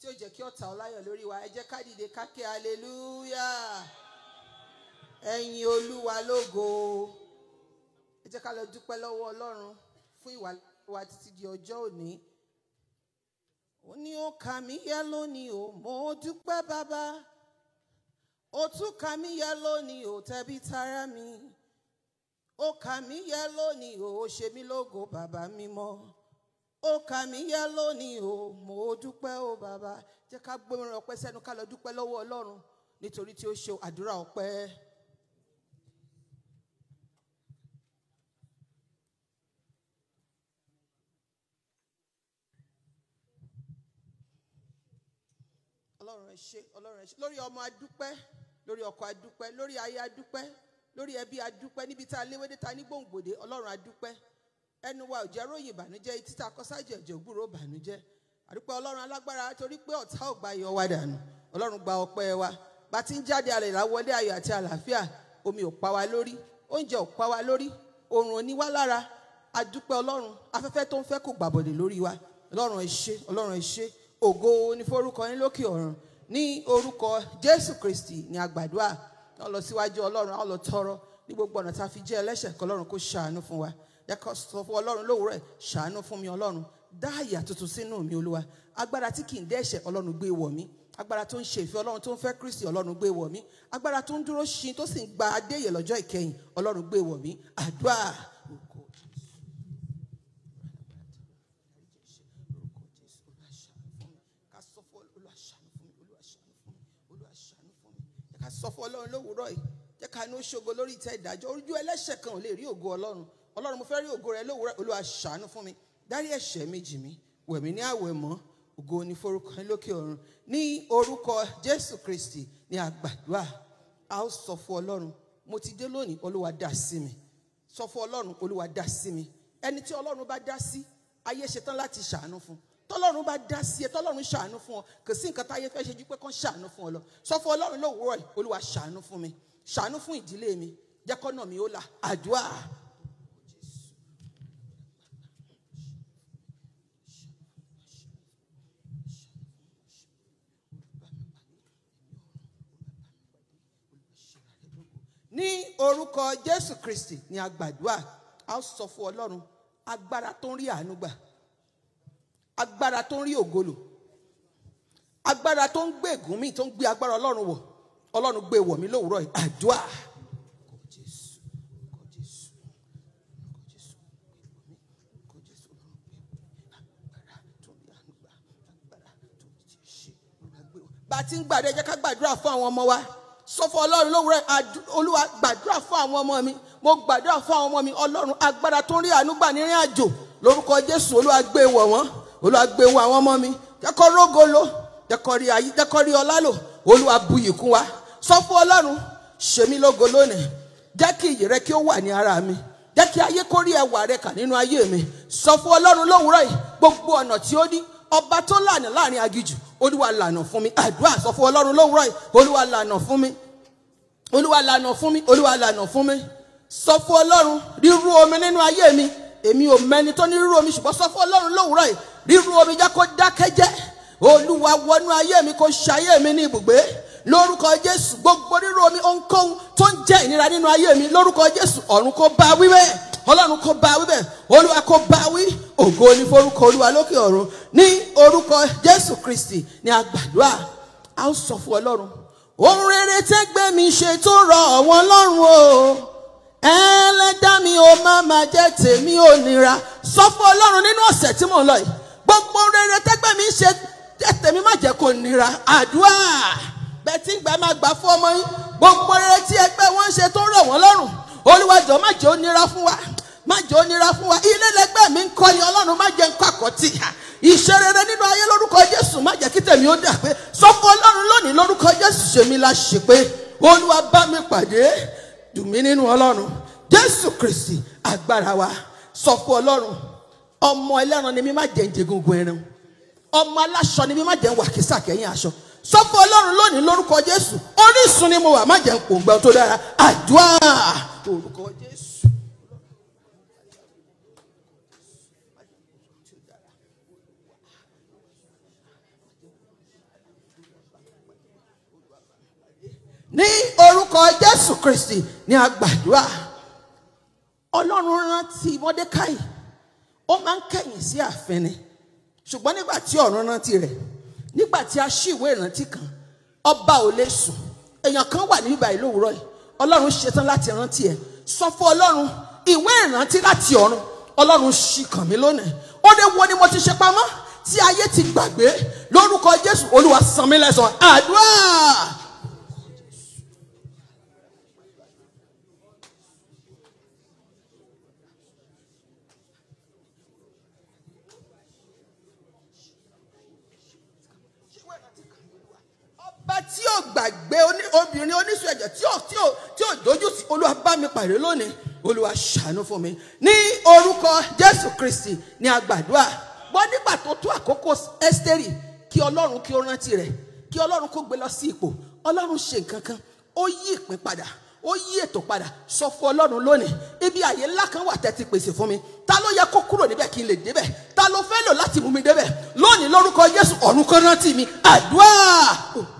tí ó jẹ́ kí ọ̀tá ọláyọ̀ lórí wa ẹ jẹ́ ká dìde aleluya ẹ̀yin olúwa lógo ẹ jẹ́ ká lọ dúpẹ́ lọ́wọ́ ọlọ́run fún ìwà wa títí di ọjọ́ òní ó ní ó kà mí yẹ lónìí o mo dúpẹ́ bàbá ó tún kà mí yẹ lónìí o tẹ̀bí tara mi ó kà mí yẹ lónìí o ó ṣe mí lógo bàbá mímọ́ ó kà mí yá lónìí o mo dúpẹ́ o bàbá jẹ́ ká gbóhùn ọpẹ́ sẹ́nu ká lọ dúpẹ́ lọ́wọ́ ọlọ́run nítorí tí ó ṣe àdúrà ọpẹ́. ọlọ́run ẹ ṣé ọlọ́run ẹ ṣé lórí ọmọ adúpẹ́ lórí ọkọ adúpẹ́ lórí aya adúpẹ́ lórí ẹbí adúpẹ́ níbi tá a léwédé ta ní gbòǹgbòdé ọlọ́run adúpẹ́ ẹnu wa ò jẹ́ ròyìn ìbànújẹ́ títà kọ́sájì ẹ̀jẹ̀ ògbúrò ìbànújẹ́ àdúpẹ́ ọlọ́run alágbára torí pé ọ̀tá ò gba iyọ̀ wa dànù ọlọ́run gba ọpẹ́ wa bá ti ń jáde alẹ́ ìlàwọlé ayọ̀ àti àlàáfíà omi ò pa wa lórí oúnjẹ ò pa wa lórí oòrùn ò ní wá lára àdúpẹ́ ọlọ́run afẹ́fẹ́ tó ń fẹ́ kò gbàbọ̀dẹ̀ lórí wa ọlọ́run ẹ ṣé ọlọ́run ẹ ṣé ògo ni forúkọ yín lókè ọ̀run ní orúkọ jésù kristi ní àgbàdua náà lọ síwájú ọlọ́run á tọrọ ní gbogbo ọ̀nà tá a fi jẹ́ ẹlẹ́ṣẹ̀ kọlọ́run kó ṣàánú fún wa yẹ kó sọ fún ọlọ́run lówùúrọ̀ ṣàánú fún mi ọlọ́run dá àyà tuntun sínú mi olúwa agbára tí kì í dẹ́ṣẹ̀ ọlọ́run gbé wọ̀ mí agbára tó ń ṣe ìfẹ́ ọlọ́run tó ń fẹ́ kristi ọlọ́run gbé wọ̀ mí agbára tó ń dúró ṣin tó sì ń gba adéyè lọ́jọ́ ìkẹyìn ọlọ́run gbé wọ̀ mí àdúrà. ká sọ fún ọlọ́run lówùúrọ̀ yìí jẹ́ ká ní ó ṣògo lórí ìtẹ́ ìdájọ́ ojú ẹlẹ́ṣẹ̀ kan ò lè rí ògo ọlọ́run ọlọ́run mo fẹ́ rí ògo rẹ lówùúrọ̀ olúwa ṣàánú fún mi dárí ẹ̀ṣẹ̀ mi jì mí wẹ̀ mí ní àwẹ̀ mọ́ ògo ni forúkọ lókè ọ̀run ní orúkọ jésù kristi ní àgbàdua a ó sọ fún ọlọ́run mo ti dé lónìí olúwa dá sí mi sọ fún ọlọ́run olúwa dá sí mi ẹni tí ọlọ́run bá dá sí ayé ṣetán láti ṣàánú fún tọ́lọ́run bá dá sí ẹ tọ́lọ́run ṣàánú fún ọ kò sí nǹkan táyé fẹ́ ṣe jú pé kán ṣàánú fún ọ lọ sọ fún ọlọ́run lówùúrọ̀ olúwa ṣàánú fún mi ṣàánú fún ìdílé mi jẹ́kọ́nà mi ó là àdúrà ní orúkọ jésù kristi ni a gbàdúrà a sọ fún ọlọ́run agbára tó ń rí àánú gbà agbára tó ń rí ògolo agbára tó ń gbé ègún mi tó ń gbé agbára ọlọ́run wọ̀ ọlọ́run gbé wọ̀ mí lówùúrọ̀ yìí àdúrà. bá a ti ń gbàdúrà jẹ́ ká gbàdúrà fún àwọn ọmọ wa sọ fún ọlọ́run lówùúrọ̀ olúwa gbàdúrà fún àwọn ọmọ mi mo gbàdúrà fún àwọn ọmọ mi ọlọ́run agbára tó ń rí àánú gbà nírìn àjò lórúkọ jésù olúwa gbé wọ̀ wọ́n olúwa gbé wọ̀ àwọn ọmọ mi jẹ́kọ́ rógo lo jẹ́kọ́ rí ayé jẹ́kọ́ rí ọlá lò olúwa buyì kún wa sọ fún ọlọ́run ṣèmi lógo lónìí jẹ́ kí ìyè rẹ kí ó wà ní ara mi jẹ́ kí ayé kó rí ẹwà rẹ kà nínú ayé mi sọ fún ọlọ́run lówùúrọ̀ yìí gbogbo ọ̀nà tí ó ní ọba tó lànà láàrin agijù olúwa lànà fún mi àdúrà sọ fún ọlọ́run lówùúrọ̀ yìí olúwa lànà fún mi olúwa lànà fún mi olúwa lànà fún mi sọ fún ọlọ́run rírú omi nínú ayé mi èmi ò mẹni tó ní rírú omi ṣùgbọ́n sọ fún ọlọ́run lówùúrọ̀ yìí rírú omi jẹ́ kó dákẹ́jẹ́ olúwa wọnú ayé mi kó ṣayé mi ní ibùgbé lórúkọ jésù gbogbo rírú omi ohunkóhun tó ń jẹ́ ìnira nínú ayé mi lórúkọ jésù ọ̀run kó bá wíwẹ́ ọlọ́run kó bá wíbẹ̀ olúwa kó bá wí ògo ní forúkọ olúwa lókè ọ̀run ní orúkọ jésù kristi ni a a ó sọ fún ọlọ́run ohun rere tẹ́gbẹ́ mi ṣe tó rọ àwọn lọ́rùn o ẹlẹ́dá mi ò má má jẹ́ tèmi ò nira sọ fún ọlọ́run nínú ọ̀sẹ̀ tí mò ń lọ yìí gbogbo rere tẹ́gbẹ́ mi ṣe jẹ́ tèmi má jẹ́ kó nira àdúrà bẹ́ẹ̀ tí ń gbà máa gbà fún ọmọ yín gbogbo rere tí ẹgbẹ́ wọn ń ṣe tó rọ̀ wọ́n lọ́rùn Olúwa jọ̀ọ́ má jẹ́ ó nira fún wa má jẹ́ ó nira fún wa ilé lẹ́gbẹ́ mi ń kọ́ ni ọlọ́run má jẹ́ ń kọ́ àkọ́tì ìṣe rere nínú ayé lórúkọ Jésù má jẹ́ kí tèmi ó dà pé sọ́kọ Ọlọ́run lónìí lórúkọ Jésù ṣèmi la ṣe pé Olúwa bá mi pàdé dùn mí nínú Ọlọ́run Jésù Kristi agbára wa sọ́kọ Ọlọ́run ọmọ ẹlẹ́ran ni mi má jẹ́ njẹ́gungun ẹran ọmọ aláṣọ ni mi má jẹ́ wàkísà kẹ́yìn aṣọ sọ́kọ Ọlọ́run lónìí lórúkọ Jésù orísun ni mo wà má jẹ́ nǹkan gbọ́n tó dára àdúrà orúkọ Jésù. ní orúkọ jésù kristi ní agbàdúrà ọlọ́run rántí mọ́dékáì ó máa ń kẹ̀yìn sí àfẹnẹ ṣùgbọ́n nígbà tí ọ̀run rántí rẹ̀ nígbà tí a ṣí ìwé ìrántí kan ọba ò lè sùn èèyàn kan wà ní ibà ìlówùrọ̀ yìí ọlọ́run ṣetán láti rántí ẹ̀ sọ fún ọlọ́run ìwé ìrántí láti ọ̀run ọlọ́run ṣì kàn mí lónìí ó lè wo ni mo ti ṣe pamọ́ tí ayé ti gbàgbé lórúkọ jésù olúwa san mí lẹ́san àdúrà. gbàgbé obìnrin oníṣu ẹ̀jẹ̀ tí ò tí ò tí ò dojú sí olúwa bá mi pàdé lónìí olúwa ṣàánú fún mi ní orúkọ jésù kristi ní agbàdúrà gbọ́ nígbà tó tó àkókò ẹ́sítérì kí ọlọ́run kí ó rántí rẹ̀ kí ọlọ́run kó gbé lọ sí ipò ọlọ́run ṣe nǹkan kan ó yí ìpín padà ó yí ètò padà sọ fún ọlọ́run lónìí ibi àyè ńlá kan wà tẹ́tí pèsè fún mi ta ló yẹ kó kúrò níbẹ̀ kí n lè débẹ̀ ta ló fẹ́ lò láti mú mi débẹ̀ lónìí lórúkọ jésù ọ̀run kó rántí mi àdúrà.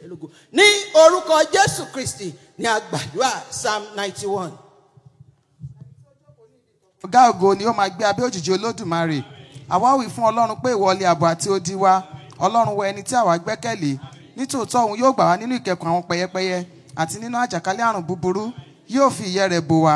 rẹ̀ lógo ní orúkọ jésù kristi ní àgbàdua psalm ninety one. ọ̀gá ògo ni ó máa gbé abẹ́ òjìji olódùmarè àwa wí fún ọlọ́run pé ìwọ ni ààbò àti odi wa ọlọ́run wa ẹni tí àwa gbẹ́kẹ̀lé nítòótọ́ òun yóò gbà wá nínú ìkẹkùn àwọn pẹyẹpẹyẹ àti nínú àjàkálẹ̀ àrùn búburú yóò fi ìyẹ́ rẹ̀ bò wá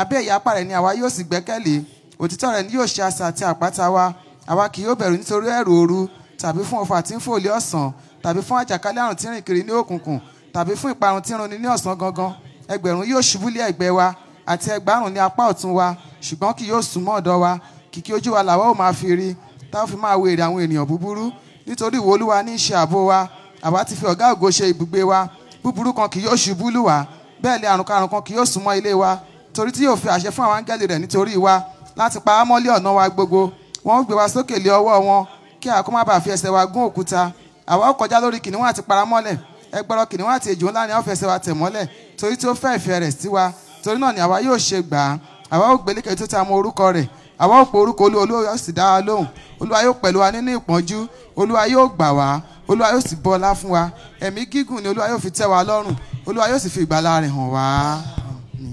abẹ́ ìyẹ́ apá rẹ̀ ni àwa yóò sì gbẹ́kẹ̀lé òtítọ́ rẹ̀ ni yóò ṣe asà àti àpáta wa àwa kì yóò bẹ̀rù nítorí ẹ̀rù òru tàbí fún ọfà tí ń fò lé ọ̀sán tàbí fún àjàkálẹ̀ àrùn tí ń rìn kiri ní òkùnkùn tàbí fún ìparun tí ń roni ní ọ̀sán gangan ẹgbẹ̀rún yóò ṣubú lé ẹ̀gbẹ́ wa àti ẹgbàárùn ní apá ọ̀tún wa ṣùgbọ́n kì yóò súnmọ́ ọ̀dọ̀ wa kìkì ojú wa làwa ò máa fi rí táwọn fi máa wo èrè àwọn ènìyàn búburú nítorí ìwọ olúwa ní í ṣe ààbò wa àwa ti fi ọ̀gá ògo ṣe ibùgbé wa búburú kan kì yóò ṣubú lù wá bẹ́ẹ̀ lé àrùnkarùn kan kì yóò súnmọ́ ilé wa torí tí yóò fi àṣẹ fún àwọn áńgẹ́lì rẹ̀ nítorí wa láti pa á ọ̀nà wa gbogbo wọn gbé wa sókè lé ọwọ́ wọn kí a fi ẹsẹ̀ wa gún òkúta àwa ó kọjá lórí kìnìún àti paramọ́lẹ̀ ẹgbẹ́rọ kìnìún àti ejò ńlá ni a ó fẹsẹ̀ wa tẹ̀ mọ́lẹ̀ torí tí ó fẹ́ ìfẹ́ rẹ̀ sí wa torí náà ni àwa yóò ṣe gbà á àwa ó gbélékè tó ti àmọ orúkọ rẹ̀ àwa ó pe orúkọ olúwa olúwa yóò sì dá wa lóhùn olúwa yóò pẹ̀lú wa nínú ìpọ́njú olúwa yóò gbà wá olúwa yóò sì bọ́lá fún wa ẹ̀mí gígùn ni olúwa yóò fi tẹ́ wa lọ́rùn olúwa yóò sì fi ìgbàlà rẹ̀ hàn wá.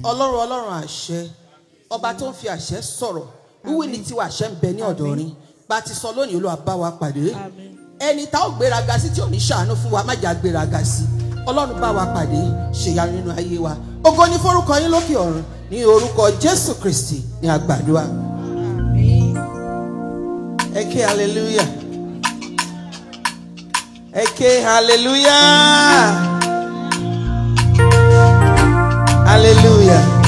ọlọ́run ọlọ́run àṣẹ ọba tó ń fi àṣẹ sọ̀rọ̀ wíwí ni tiwa àṣẹ ń bẹ ní ọ̀dọ̀ rin bá a ti sọ lónìí olúwa bá wa pàdé ẹni tá ò gbéraga sí tí ò ní ṣàánú fún wa má jà gbéraga sí ọlọ́run bá wa pàdé ṣèyanu nínú ayé wa ògo ni forúkọ yín lókè ọ̀run ní orúkọ jésù kristi ní àgbàdua ẹ ké hallelujah ẹ hallelujah hallelujah.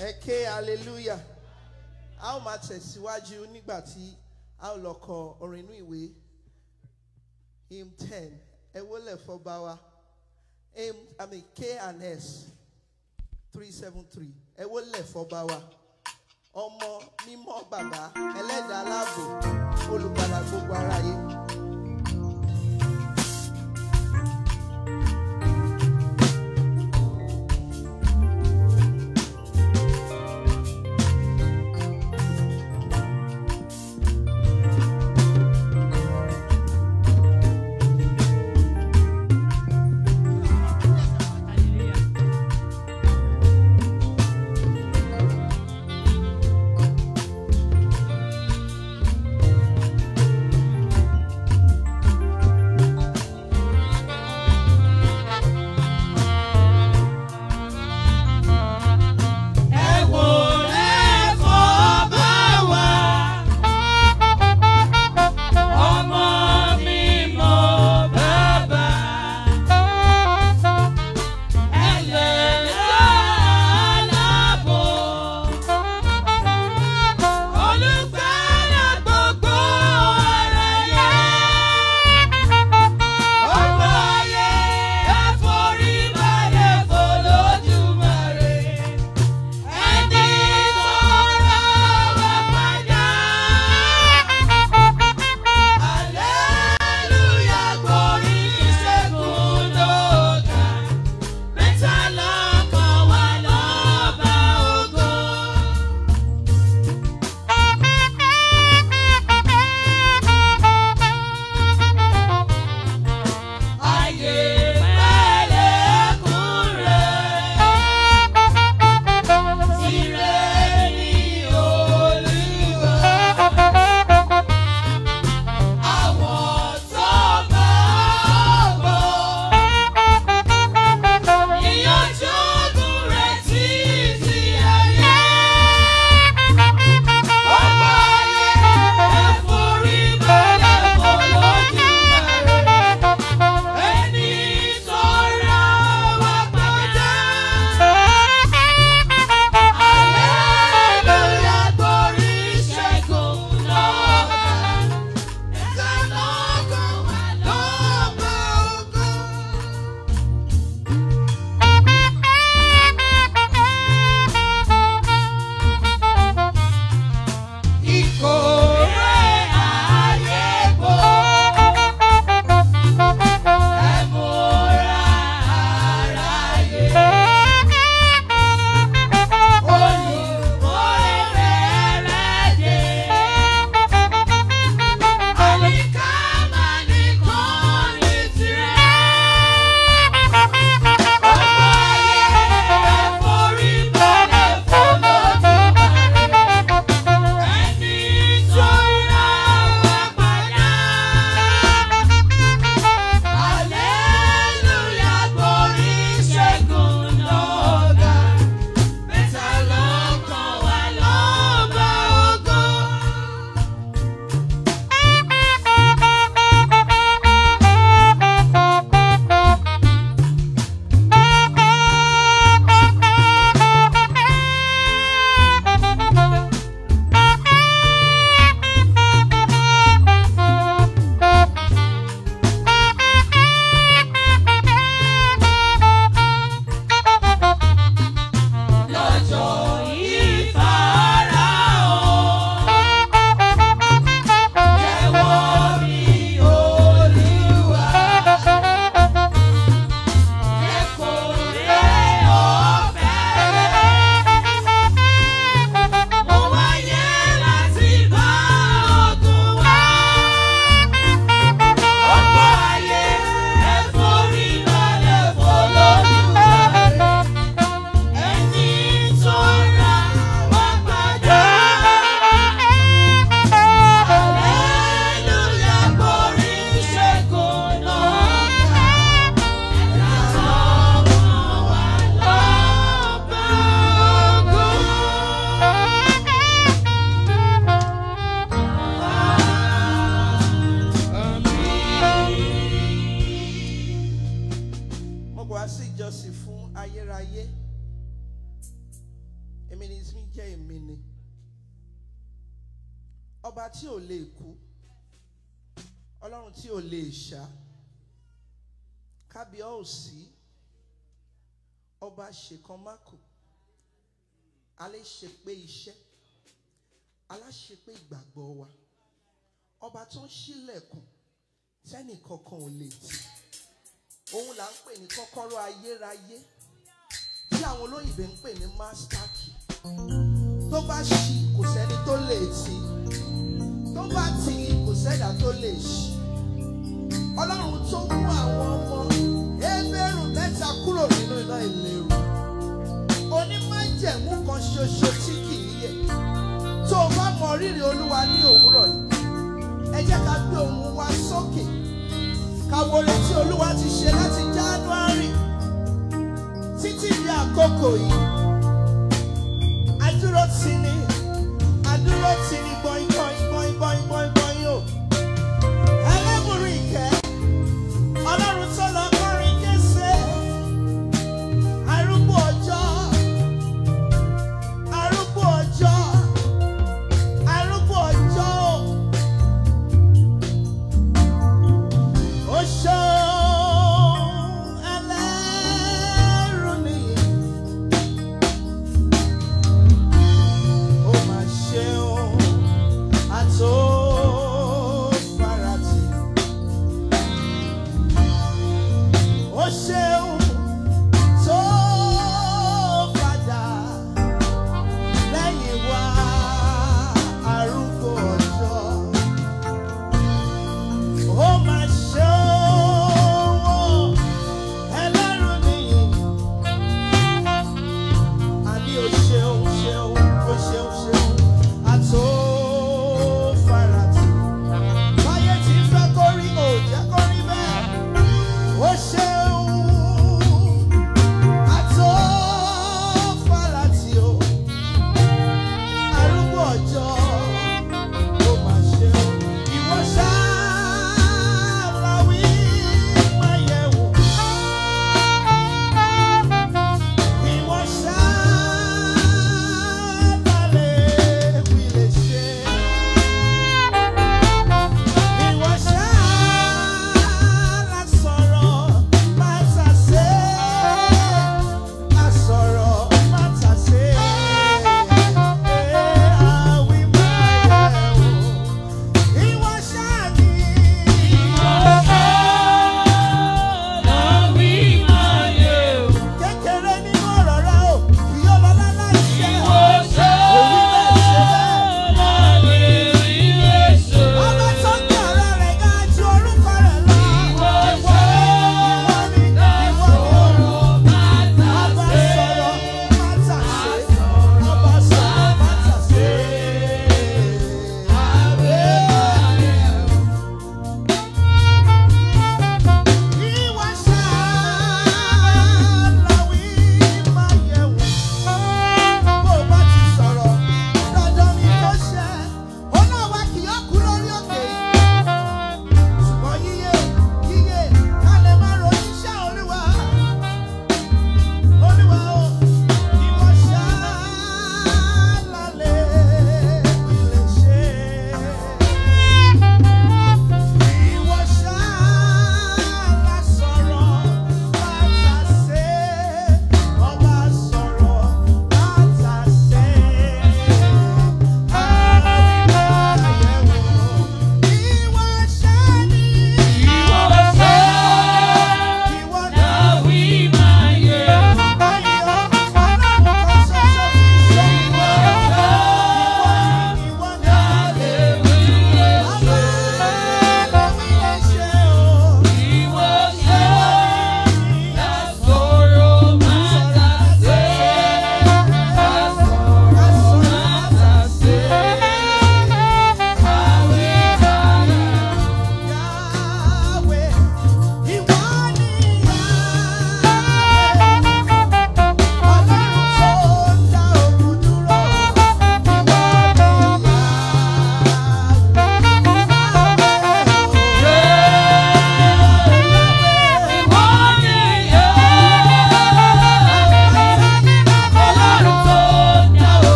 ẹ ké hallelujah a ó máa tẹ̀síwájú nígbà tí a ó lọ kọ orin inú ìwé im ten ẹ wọlé fọba wa hymn i mean k and s three seven three ẹ wọlé fọba wa ọmọ mímọ́ bàbá ẹlẹ́dàá aláàbò olùgbàlà gbogbo aráyé. ìbẹ̀ ń pè ní master key tó bá ṣí kò sẹ́ni tó lè tì tó bá tì kò sẹ́dá tó lè ṣí ọlọ́run tó mú àwọn ọmọ ẹgbẹ̀rún mẹ́ta kúrò nínú iná ìléru onímájẹ̀mú kan ṣoṣo tí kì í yẹ tó o bá mọ rírì olúwa ní òwúrọ̀ yìí ẹ jẹ́ ká gbé ohùn wa sókè ká wo tí olúwa ti ṣe láti January títí di àkókò yìí adúró tì ní adúró tì ní.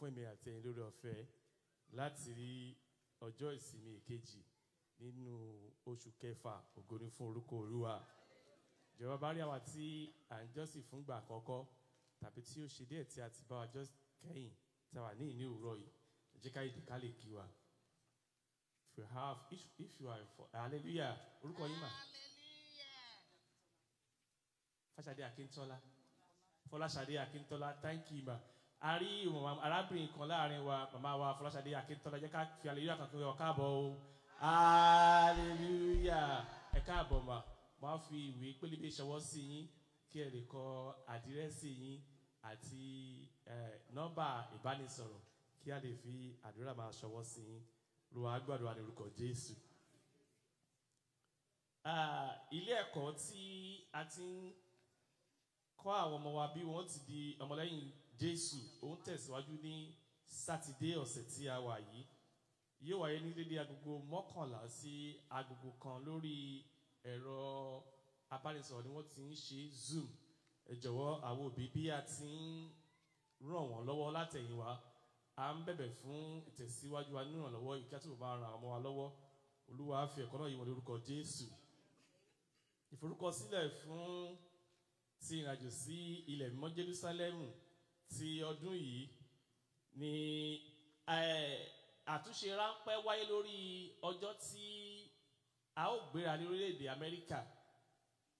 fún èmi àti lórí ọ̀fẹ́ láti rí ọjọ́ ìsinmi ìkejì nínú oṣù kẹfà ògo fún orúkọ Olúwa ìjọba bá rí àwa tí à ń jọ́sìn fúngbà àkọ́kọ́ tàbí tí ó ṣe díẹ̀ tí a ti bá wa jọ́sìn kẹ́yìn tí a wà ní ìní òwúrọ̀ yìí jẹ́ ká ìdí ká lè kí wa if you have if, if you are for hallelujah orúkọ yín mà Fáṣadé Akíntọ́lá Fọláṣadé Akíntọ́lá thank you ma a rí arábìnrin kan láàrin wa màmá wa Fọláṣadé Akíntọ́lá jẹ́ ká fi aleluya kan kiri ọ̀ká bọ̀ o aleluya ẹ káàbọ̀ mà wọ́n á fi ìwé pélébé ṣọwọ́ sí yín kí ẹ lè kọ àdírẹ́sì yín àti nọ́mbà ìbánisọ̀rọ̀ kí a lè fi àdúrà máa ṣọwọ́ sí yín ro agbàdúrà ní Jésù. ilé ẹ̀kọ́ tí a ti ń kọ́ àwọn ọmọ wa bí wọ́n ti di ọmọlẹ́yìn jésù òun tẹ̀síwájú ní sátidé ọ̀sẹ̀ tí a wà yìí yóò wáyé ní dédé agogo mọ́kànlá sí agogo kan lórí ẹ̀rọ abánisọ̀rọ̀ ni wọ́n ti ń ṣe zoom ẹ jọ̀wọ́ àwọn òbí bí a ti ń ràn wọ́n lọ́wọ́ látẹ̀yìnwá à ń bẹ̀bẹ̀ fún ìtẹ̀síwájú wa nínú ìrànlọ́wọ́ ìkí àti bàbá ara ọmọ wa lọ́wọ́ olúwa á fi ẹ̀kọ́ náà yí wọn lórúkọ jésù ìforúkọsílẹ̀ fún ti ìrìnàjò sí ilẹ̀ mímọ́ jerúsálẹ́mù ti ọdún yìí ni àtúnṣe ráńpẹ́ wáyé lórí ọjọ́ tí a ó gbéra ní orílẹ̀-èdè Amẹ́ríkà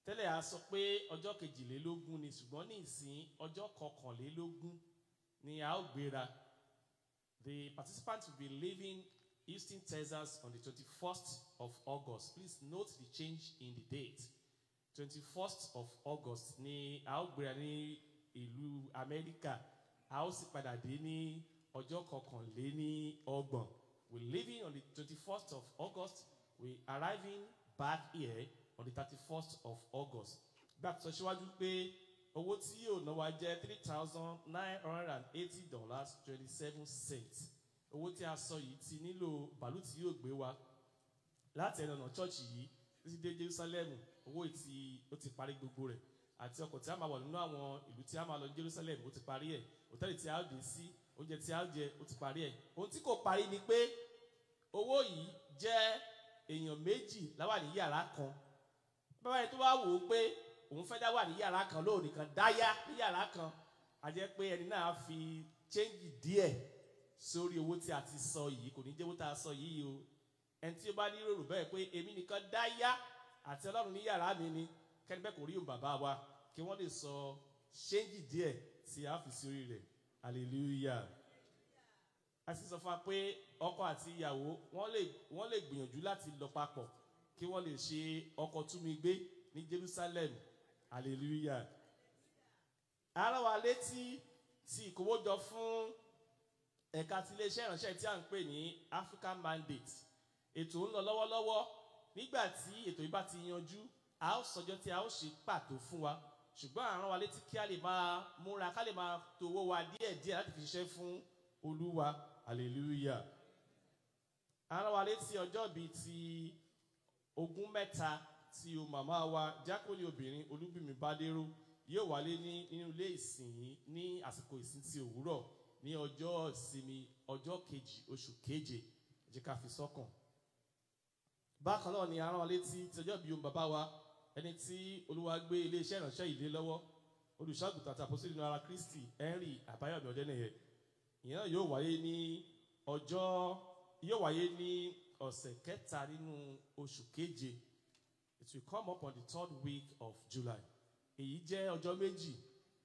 tẹ́lẹ̀ a sọ pé ọjọ́ kejìlélógún ni ṣùgbọ́n ní ìsìn ọjọ́ kọkànlélógún ni a ó gbéra the participants will be leaving Houston, Texas on the 21st of August please note the change in the date 21st of August ni a ó gbéra ní ìlú Amẹ́ríkà a ó sì padà dé ní ọjọ́ kọkànléní we leaving on the twenty-first of August we arriving back here on the thirty-first of August gbà tó ṣíwájú pé owó tí yóò ná wa jẹ́ three thousand nine hundred and eighty dollars twenty-seven cents owó tí a sọ yìí ti nílò bàálù tí yóò gbé wa láti ẹnu ọ̀nà chọ́ọ̀chì yìí títí dé Jerusalem owó yìí ó ti parí gbogbo rẹ̀ àti ọkọ̀ tí a máa wọ̀ nínú àwọn ìlú tí a máa lọ ní Jerusalem ó ti parí ẹ̀ òtẹ́ẹ̀lì tí a ó dé sí oúnjẹ tí a ó jẹ ó ti parí ẹ̀ ohun tí kò parí ni pé owó yìí jẹ́ èèyàn méjì láwà ní yàrá kan bàbá yẹn tó wá wò ó pé òun fẹ́ dá wà ní yàrá kan lóò nìkan dáyà ní yàrá kan a jẹ́ pé ẹni náà fi chéńjì díẹ̀ sórí owó tí a ti sọ yìí kò ní jẹ́ owó tá a sọ yìí o ẹni tí ó bá ní ròrò bẹ́ẹ̀ pé èmi nìkan dáyà àti ọlọ́run ní yàrá mi ni kẹ́ni bẹ́ẹ̀ kò rí òun bàbá wa kí wọ́n lè sọ ṣéǹjì díẹ̀ tí a fi sí orí rẹ̀ hallelujah a sì sọ fún wa pé ọkọ àti ìyàwó wọ́n lè gbìyànjú láti lọ papọ̀ kí wọ́n lè ṣe ọkọ túnmí gbé ní Jerusalem hallelujah ara wa létí ti ìkówójọ fún ẹ̀ka ti iléeṣẹ́ ìránṣẹ́ tí a ń pè ní African Mandate ètò ń lọ lọ́wọ́lọ́wọ́ nígbà tí ètò yìí bá ti yanjú a ó sọjọ́ tí a ó ṣe pàtó fún wa ṣùgbọ́n à ń rán wa létí kí a lè máa múra ká lè máa tòwó wa díẹ̀díẹ̀ láti fi ṣiṣẹ́ fún olúwa hallelujah à wa létí ọjọ́ bíi ti ogún mẹ́ta tí o màmá wa jákòlì obìnrin olúbìmí bádéró yóò wálé ní nínú ilé ìsìn yìí ní àsìkò ìsìn ti òwúrọ̀ ní ọjọ́ ìsinmi ọjọ́ kejì oṣù keje jẹ́ ká fi sọ́kàn bákan náà ni à ń rán wa létí ti ọjọ́ bíi ohun bàbá wa ẹni tí olúwa gbé iléeṣẹ́ ìránṣẹ́ ìdílé lọ́wọ́ olùṣàgùtà tàbí sí nínú kristi henry àbáyọ̀mí ọ̀dẹ́nìyẹ ìyẹn náà yóò wáyé ní ọjọ́ yóò wáyé ní ọ̀sẹ̀ kẹta nínú oṣù keje it will come up on the third week of july èyí jẹ́ ọjọ́ méjì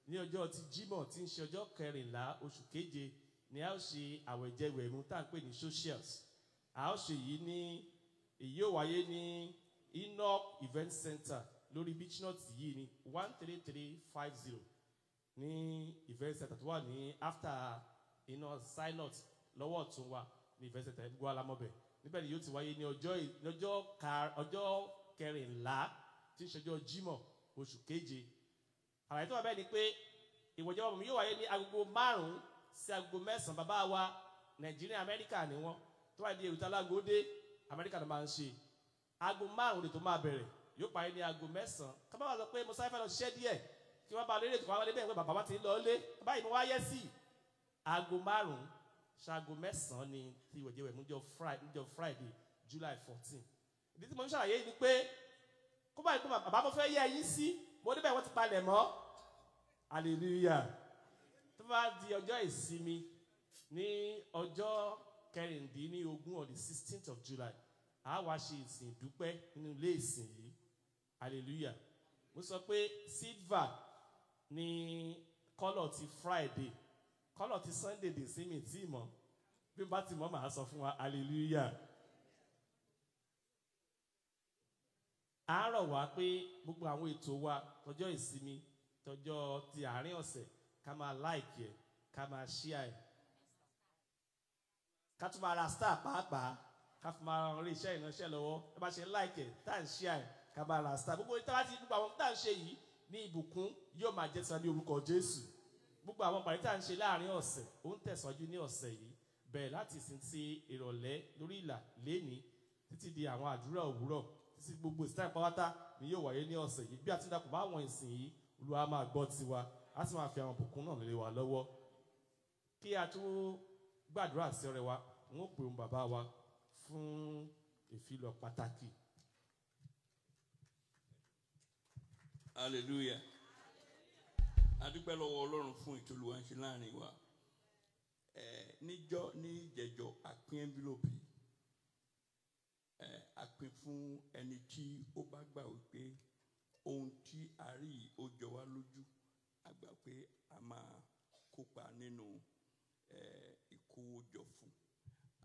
ní ọjọ́ ti jímọ̀ tí ń ṣe ọjọ́ kẹrìnlá oṣù keje ni a ó ṣe àwẹ̀jẹwẹ̀mú tá à ń pè ní socials a ó ṣe èyí ní èyí yóò wáyé ní Enoch Event Center lórí beachnut yìí ni one three three five zero ní event center tó wà ní after iná sinot lọ́wọ́ ọ̀tún wa ní event center ẹ̀dúgbò alámọ̀bẹ̀ níbẹ̀ ni yóò ti wáyé ní ọjọ́ kẹrìnlá tí ń ṣọjọ́ Jímọ̀ oṣù keje àlàyé tó wà bẹ́ẹ̀ ni pé ìwọ̀jọba mi yóò wáyé ní agogo márùn-ún sí agogo mẹ́sàn-án bàbá wa Nàìjíríà Amẹ́ríkà ni wọ́n tó wà ní èrúta alágòdé Amẹ́ríkà ló máa ń ṣe aago márùn lè tó máa bẹ̀rẹ̀ yóò parí ní aago mẹ́sàn-án ká bá wà lọ pé mo sáré fẹ́ lọ ṣiṣẹ́ díẹ̀ kí wọ́n bá lórí ètò àwọn ẹlẹ́bẹ̀ẹ́ pé bàbá wa ti ń lọ lé báyìí mo wá yẹ sí aago márùn ṣaago mẹ́sàn-án ni ti wẹ̀jẹ̀wẹ̀ níjọ Friday July fourteen ìdí tí mo ń ṣàlàyé ni pé kó báyìí pé bàbá mo fẹ́ yẹ ẹyin sí mo débẹ̀ wọ́n ti palẹ̀ mọ́ hallelujah tó bá di ọjọ́ ìsinmi ní ọjọ́ kẹrìndínlógún on the sixteenth of July a wá ṣe ìsìn ìdúpẹ́ nínú ilé ìsìn yìí hallelujah mo sọ pé silver ni kọ́lọ̀ ti friday kọ́lọ̀ ti sunday dè sí mi tí mọ̀ bí n bá ti mọ̀ màá sọ fún wa hallelujah. a rọ̀ wá pé gbogbo àwọn ètò wa tọjọ́ ìsinmi tọjọ́ ti àárín ọ̀sẹ̀ ká máa like ẹ̀ ká máa share ẹ̀ ká tún máa ra star pàápàá ká fi máa ran iléeṣẹ́ ìránṣẹ́ lọ́wọ́ ẹ bá ṣe ń láìkẹ̀ tá à ń ṣe àì ká máa rà star gbogbo tá a ti gbogbo àwọn tá à ń ṣe yìí ní ìbùkún yóò máa jẹ́ tán ní orúkọ Jésù gbogbo àwọn pàdé tá à ń ṣe láàrin ọ̀sẹ̀ ó ń tẹ̀sánjú ní ọ̀sẹ̀ yìí bẹ̀rẹ̀ láti sin ti ìrọ̀lẹ́ lórí ìlà lénìí títí di àwọn àdúrà òwúrọ̀ títí gbogbo ìsìláì pátá ni yóò wáyé ní ọ̀sẹ̀ yìí bí a ti dàpọ̀ máwọn ìsìn yìí Olúwa máa gbọ́ tiwa á sì máa fi gbàdúrà sí ọrẹ wa n ó pè ohun bàbá wa fún ìfilọ̀ pàtàkì. hallelujah adúpẹ́ lọ́wọ́ ọlọ́run fún ìtòlùwànṣe láàrin wa ẹ níjọ́ ní ìjẹjọ́ àpín envelope ẹ àpín fún ẹni tí ó bá gbà wípé ohun tí a rí ó jọ wá lójú a gbà pé a máa kópa nínú ẹ ìkówójọ fún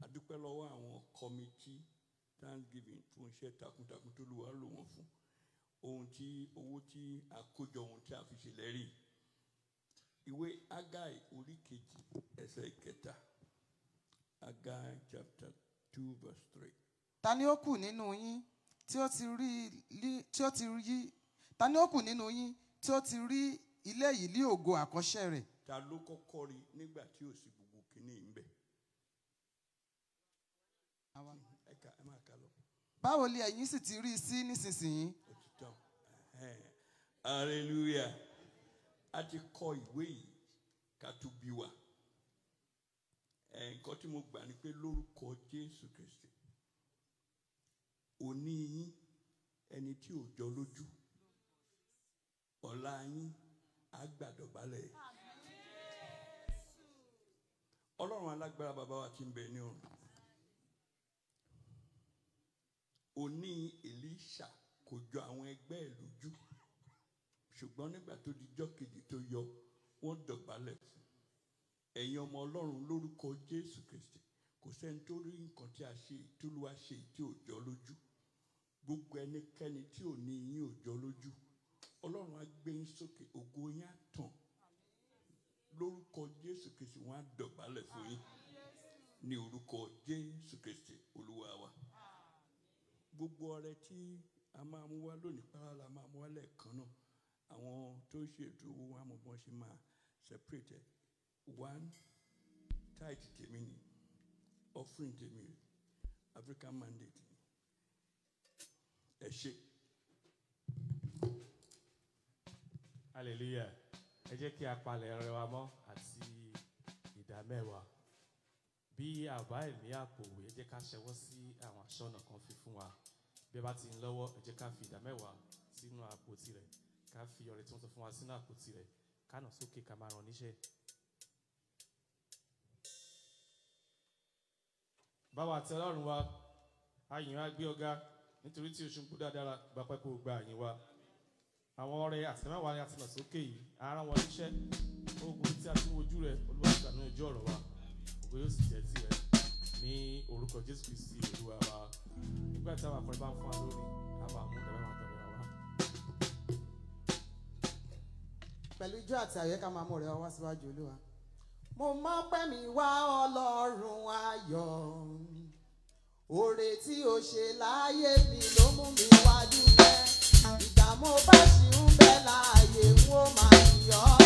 adúpẹ́ lọ́wọ́ àwọn kọ́mítì thanksgiving fún iṣẹ́ takuntakun tó lù wá lò wọ́n fún ohun tí owó tí àkójọ ohun tí a fi ṣe lẹ́rìí ìwé agai orí kejì ẹsẹ̀ ìkẹta agai chapter two verse three. ta ni ó kù nínú yín tí ó ti rí tí ó ti rí ta ni ó kù nínú yín tí ó ti rí ilé yìí ní ògo àkọ́ṣe rẹ̀. ta ló kọ́kọ́ rí nígbà tí ò gbogbo kìíní ń bẹ báwo ni ẹ̀yin sì ti rí i sí nísinsìnyí. hallelujah a ti kọ ìwé yìí ká tó bí wa nǹkan tí mo gbà ni pé lórúkọ Jésù Kristi òní yín ẹni tí ò jọ lójú ọ̀la yín á gbàdọ̀bálẹ̀ ọlọ́run alágbára bàbá wa ti ń bẹ ní ọ̀run. oní Èlíṣà kò jọ àwọn ẹgbẹ́ ẹ̀ lójú ṣùgbọ́n nígbà tó di jọ́ kejì tó yọ wọ́n dọ̀bálẹ̀ fún ẹ̀yin ọmọ Ọlọ́run lórúkọ Jésù Kristi kò sẹ́ni tó rí nǹkan tí a ṣe ìtúlùwà ṣe tí ò jọ lójú gbogbo ẹnikẹ́ni tí ò ní yín ò jọ lójú Ọlọ́run á gbé yín sókè ògo yín á tàn lórúkọ Jésù Kristi wọ́n á dọ̀bálẹ̀ fún yín ní orúkọ Jésù Kristi Olúwa wa gbogbo ọrẹ tí a máa mú wá lónìí pàrọ̀ la máa mú wá lẹ́ẹ̀kan náà àwọn tó ń ṣe owó wa mọ̀ bọ́n ṣe máa separate one tithe tèmi ni offering tèmi African mandate ẹ ṣe. hallelujah ẹ jẹ́ kí a palẹ̀ ẹ̀rọ mọ́ àti ìdá mẹ́wàá bí àbá ìní àpòwé ẹ jẹ́ ká ṣẹwọ́ sí àwọn aṣọ́nà kan fi fún wa bí ẹ bá ti ń lọ́wọ́ ẹ jẹ́ ká fi ìdá mẹ́wàá sínú àpótí rẹ̀ ká fi ọrẹ tí wọ́n sọ fún wa sínú àpótí rẹ̀ ká nà sókè ká máa ràn níṣẹ́. báwa àti ọlọ́run wa ayìn wa gbé ọ̀gá nítorí tí oṣù kú dáadáa gba pẹ́ kó gba àyìn wa àwọn ọrẹ àtìmẹ́wàá ni a ti nà sókè yìí ara wọn níṣẹ́ ogun tí a ti wojú rẹ̀ olúwa gbà ní ojú ọ̀rọ̀ wa ògbó yóò sì jẹ́ tiẹ̀ ní orúkọ jésù kristi olúwa wa nígbà tí àwọn akọrin bá ń fún wa lórí a mú ìdáwọ́ àwọn àtọ̀rẹ́ wa. pẹ̀lú ijó àti àyẹ́ká máa mú ọ̀rẹ́ wá síwájú olúwa mo mọ̀ pé mi wá ọlọ́run ayọ̀ oore tí o ṣe láyé mi ló mú mi wá dúpẹ́ ìgbà mo bá ṣì ń bẹ láàyè n ó máa yọ̀ ọ́.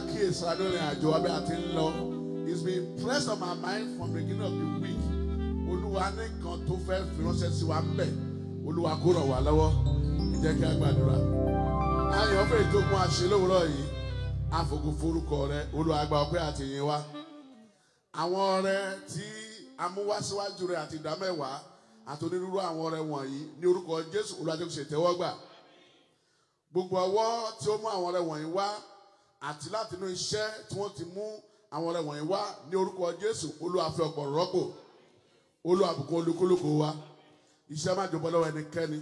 I kíyèsí lórí àjọ abẹ́ àti ńlọ it's been pressed on my mind from the beginning of the week olúwa ní nǹkan tó fẹ́ fi ránṣẹ́ sí wa ń bẹ̀ olúwa kó ràn wá lọ́wọ́ ìjẹ́ kí a gbàdúrà ayọ̀ fèrè tó mú àṣẹ lówùúrọ̀ yìí àfògùn forúkọ rẹ olúwa gba ọpẹ́ àti ìyìn wa àwọn ọrẹ tí a mú wá síwájú rẹ àti ìdámẹ́wàá àti onírúurú àwọn ọrẹ wọ̀nyí ní orúkọ jésù olúwa tó ṣe tẹ́wọ́gbà gbogbo ọwọ́ tí ó mú àwọn ọrẹ wọ̀nyí wá àti láti inú iṣẹ́ tí wọ́n ti mú àwọn ọ̀rẹ́ wọ̀nyí wá ní orúkọ Jésù Olúwa fi ọ̀pọ̀ rọ́pò Olúwa bùkún olúkúlùkù wa iṣẹ́ má jọ̀bọ́ lọ́wọ́ ẹnikẹ́ni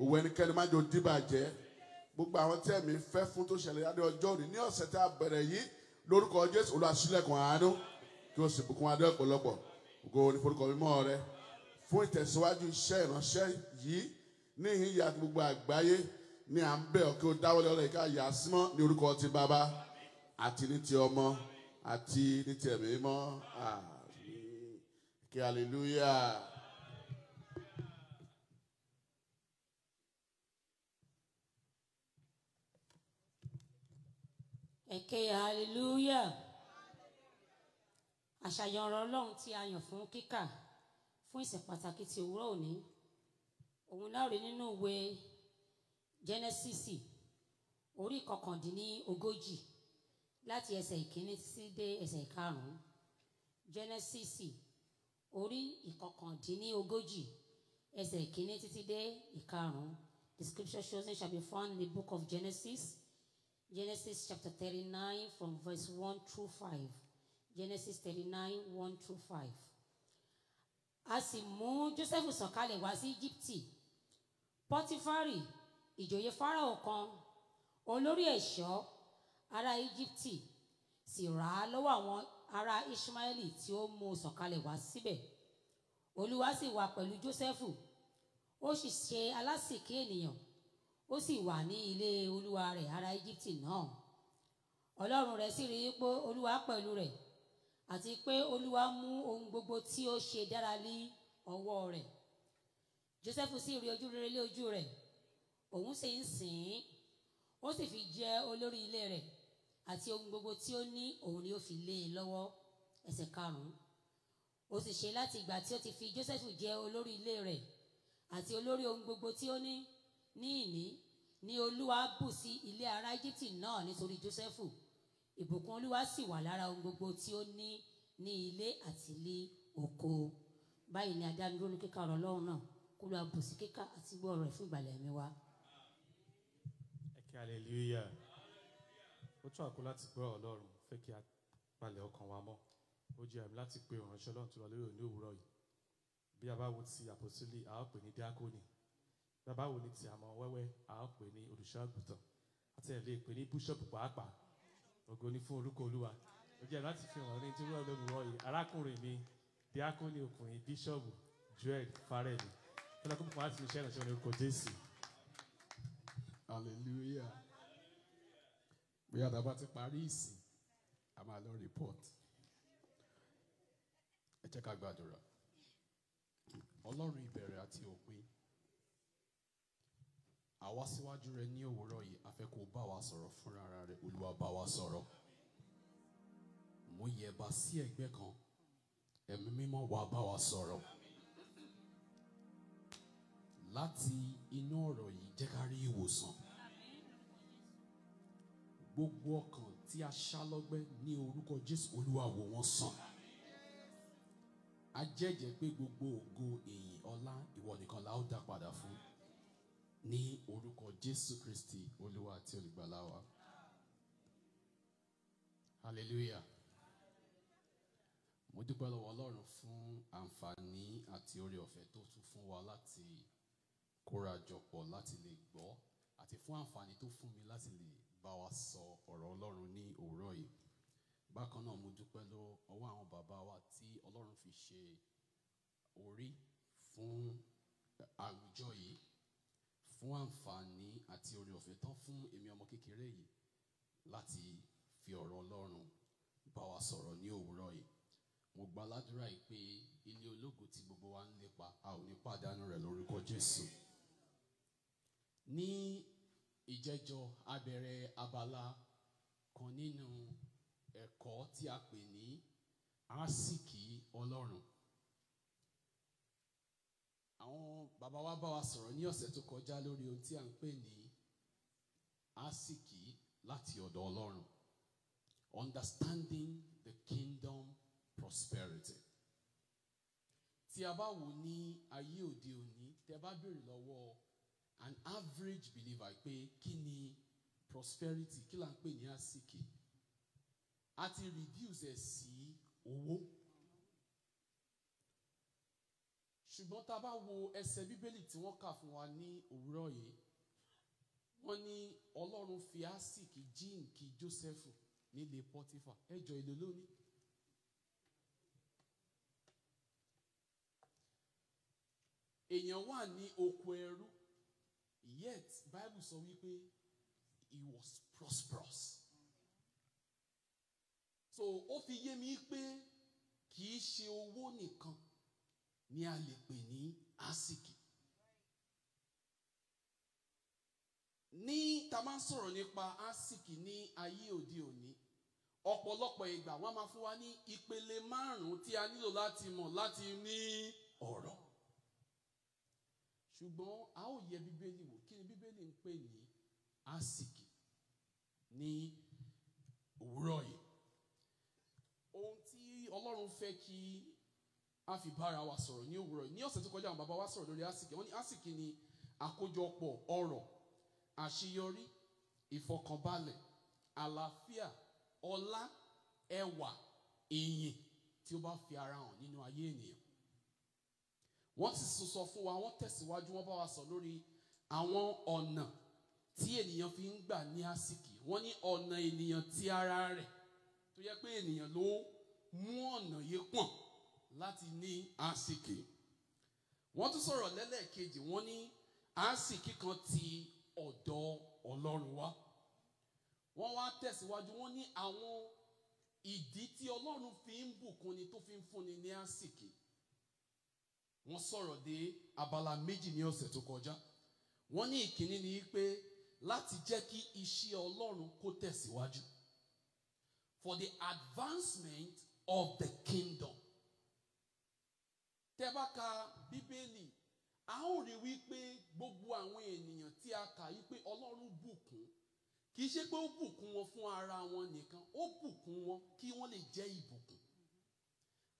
òwò ẹnikẹ́ni má jọ dìbàjẹ́ gbogbo àwọn tí ẹ̀mí fẹ́ fún tó ṣẹlẹ̀ adé ọjọ́ òní ní ọ̀sẹ̀ tí a bẹ̀rẹ̀ yìí lórúkọ Jésù Olúwa àánú kí o sì bùkún adé ọ̀pọ̀lọpọ̀ gbogbo ní à ń bẹ̀ ọ́ kí o dáwọ́lé ọ̀rọ̀ ìka yà símọ́ ní orúkọ ti bàbá àti ní ti ọmọ àti ní ti ẹ̀mí mọ́ àmín kí hallelujah. ẹ̀kẹ́ hallelujah àṣàyàn ọ̀rọ̀ ọlọ́run tí a yàn fún kíkà fún ìsìn pàtàkì ti òwúrọ̀ òní òun láòrí nínú ìwé. Genesis, orí kọkàndínní ogójì láti ẹsẹ̀ ìkíní sí dé ẹsẹ̀ ìkarùn Genesis, jẹnẹsìsì orí ìkọkàndínní ogójì ẹsẹ̀ ìkíní títí dé ìkarùn-ún the scripture chosen shall be found in the book of Genesis Genesis chapter thirty-nine from verse one through five Genesis thirty-nine one through five. a sì mú Jósẹ́fù sọ̀kalẹ̀ wá sí Íjíbítì Pọ́tífárì ìjòyè Fáráò kan olórí ẹ̀ṣọ́ ará Íjíbítì sì rà á lọ́wọ́ àwọn ará Ísímáẹ́lì tí ó mú un sọ̀kalẹ̀ wá síbẹ̀ Olúwa sì wà pẹ̀lú Jósẹ́fù ó sì ṣe alásìkí ènìyàn ó sì wà ní ilé olúwa rẹ̀ ará Íjíbítì náà Ọlọ́run rẹ̀ sì rí i pé Olúwa pẹ̀lú rẹ̀ àti pé Olúwa mú ohun gbogbo tí ó ṣe dára lé ọwọ́ rẹ̀ Jósẹ́fù sì rí ojú rere lé ojú rẹ̀ òun sì ń sìn ín ó sì fi jẹ olórí ilé rẹ̀ àti ohun gbogbo tí ó ní òun ni ó fi lé e lọ́wọ́ ẹsẹ̀ karùn-ún ó sì ṣe láti ìgbà tí ó ti fi Jósẹ́fù jẹ olórí ilé rẹ̀ àti olórí ohun gbogbo tí ó ní ní ìní ni Olúwa bù sí ilé ará Íjíbítì náà nítorí Jósẹ́fù ìbùkún Olúwa sì wà lára ohun gbogbo tí ó ní ní ilé àti ilé oko báyìí ni adánidúró ní kíkà ọ̀rọ̀ Ọlọ́run náà kó lọ́ọ́ bù sí kíkà àti gbọ́ ọ̀rọ̀ ẹ̀ fún ìgbàlẹ̀ mi wá kí hallelujah ó tún àkó láti gbọ́ ọlọ́run fẹ́ kí a palẹ̀ ọkàn wa mọ́ ó jẹ́ àmì láti pe ìrànṣẹ́ ọlọ́run tó lọ lérò ní òwúrọ̀ yìí bí a bá wo ti àpòsílẹ̀ a ó pè ní díákónì bí a bá wo ni ti àmọ́ wẹ́wẹ́ a ó pè ní olùṣọ́ àgùntàn àti ẹ̀ lè pè ní bíṣọ̀pù pàápàá ògo ni fún orúkọ olúwa ó jẹ́ àmì láti fi hàn ní tí wọ́n lè wúrọ̀ yìí arákùnrin mi díákónì ọkùnrin bíṣọ̀pù joel farrell hallelujah bóyá tá a bá ti parí ìsìn a máa lọ report ẹ jẹ́ ká gbàdúrà ọlọ́run ìbẹ̀rẹ̀ àti òpin àwa síwájú rẹ ní òwúrọ̀ yìí a fẹ́ kó bá wa sọ̀rọ̀ fúnra rẹ olúwa bá wa sọ̀rọ̀ mo yẹ̀bà sí ẹ̀gbẹ́ kan ẹ̀mí mímọ́ wá bá wa sọ̀rọ̀ láti inú ọ̀rọ̀ yìí jẹ́ ká rí ìwòsàn gbogbo ọkàn tí a ṣá lọ́gbẹ́ ní orúkọ Jésù Olúwa wò wọ́n sàn a jẹ́jẹ́ pé gbogbo ògo èyìn ọlá ìwọ nìkan la ó dá padà fún ní orúkọ Jésù Kristi Olúwa àti olùgbàlà wa hallelujah mo dúpẹ́ lọ́wọ́ Ọlọ́run fún àǹfààní àti oore ọ̀fẹ́ tó tún fún wa láti kórajọpọ̀ láti lè gbọ́ àti fún àǹfààní tó fún mi láti lè bá wa sọ ọ̀rọ̀ Ọlọ́run ní òwúrọ̀ yìí bákan náà mo dúpẹ́ lọ ọwọ́ àwọn bàbá wa tí Ọlọ́run fi ṣe orí fún àwùjọ yìí fún àǹfààní àti orí ọ̀fẹ́ tán fún èmi ọmọ kékeré yìí láti fi ọ̀rọ̀ Ọlọ́run bá wa sọ̀rọ̀ ní òwúrọ̀ yìí mo gba ládùúrà yìí pé ilé ológo tí gbogbo wa ń lépa a ò ní pàdánù rẹ̀ lórúkọ Jésù ní ìjẹ́jọ́ abẹ̀rẹ̀ abala kan nínú ẹ̀kọ́ tí a pè ní àásìkí ọlọ́run àwọn bàbá wa bá wa sọ̀rọ̀ ní ọ̀sẹ̀ tó kọjá lórí ohun tí a ń pè ní àásìkí láti ọ̀dọ̀ ọlọ́run understanding the kingdom prosperity tí a bá wò ní ayé òde òní tẹ́ bá béèrè lọ́wọ́ ọ an average believer pé kí ni prosperity kí là ń pè ní àsìkè a ti reduce ẹ̀ sí owó. ṣùgbọ́n tá a bá wo ẹsẹ̀ bíbélì tí wọ́n kà fún wa ní òwúrọ̀ yìí wọ́n ní ọlọ́run fi àsìkì jíǹkì Jósẹ́fù nílé Pọ́tífà ẹjọ́ èlò lónìí. èèyàn wà ní oko ẹrú yet bible sọ wípé he was prosperous so ó fi yé mi pé kì í ṣe owó nìkan ni a lè pè ní àsìkì ní ta máa ń sọ̀rọ̀ nípa àsìkì ní ayé òde òní ọ̀pọ̀lọpọ̀ ìgbà wọ́n máa fún wa ní ìpele márùn-ún tí a nílò láti mọ̀ láti ní ọ̀rọ̀ ṣùgbọ́n a ó yẹ bíbélì wò Bíbélì ń pè ní asiki ní òwúrọ̀ yìí ohun tí Ọlọ́run fẹ́ kí a fi bára wa sọ̀rọ̀ ní òwúrọ̀ yìí ní ọ̀sẹ̀ tó kọjá àwọn bàbá wa sọ̀rọ̀ lórí asiki wọ́n ní asiki ni àkójọpọ̀ ọrọ̀ àṣeyọrí ìfọkànbalẹ̀ àlàáfíà ọlá ẹwà ìyìn tí ó bá fi ara hàn nínú ayé ènìyàn wọ́n sì sọ fún wa wọ́n tẹ̀síwájú wọ́n bá wa sọ lórí àwọn ọ̀nà tí ènìyàn fi ń gbà ní àsìkí wọ́n ní ọ̀nà ènìyàn ti ara rẹ̀ tó yẹ pé ènìyàn ló mú ọ̀nà yìí pọ̀n láti ní àsìkí wọ́n tún sọ̀rọ̀ lẹ́lẹ́ẹ̀kejì wọ́n ní àsìkí kan ti ọ̀dọ̀ ọlọ́run wá wọ́n wá tẹ̀síwájú wọ́n ní àwọn ìdí tí ọlọ́run fi ń bùkún ni tó fi ń fúnni ní àsìkí wọ́n sọ̀rọ̀ dé abala méjì ní ọ̀sẹ̀ tó kọjá. Ja wọ́n ní ìkíní ni pé láti jẹ́ kí iṣẹ́ Ọlọ́run kó tẹ̀síwájú for the advancement of the kingdom. tẹ́ bá ka bíbélì a ó rí wípé gbogbo àwọn ènìyàn tí a kà yí pé Ọlọ́run bùkún kì í ṣe pé ó bùkún wọn fún ara wọn nìkan ó bùkún wọn kí wọ́n lè jẹ́ ìbùkún.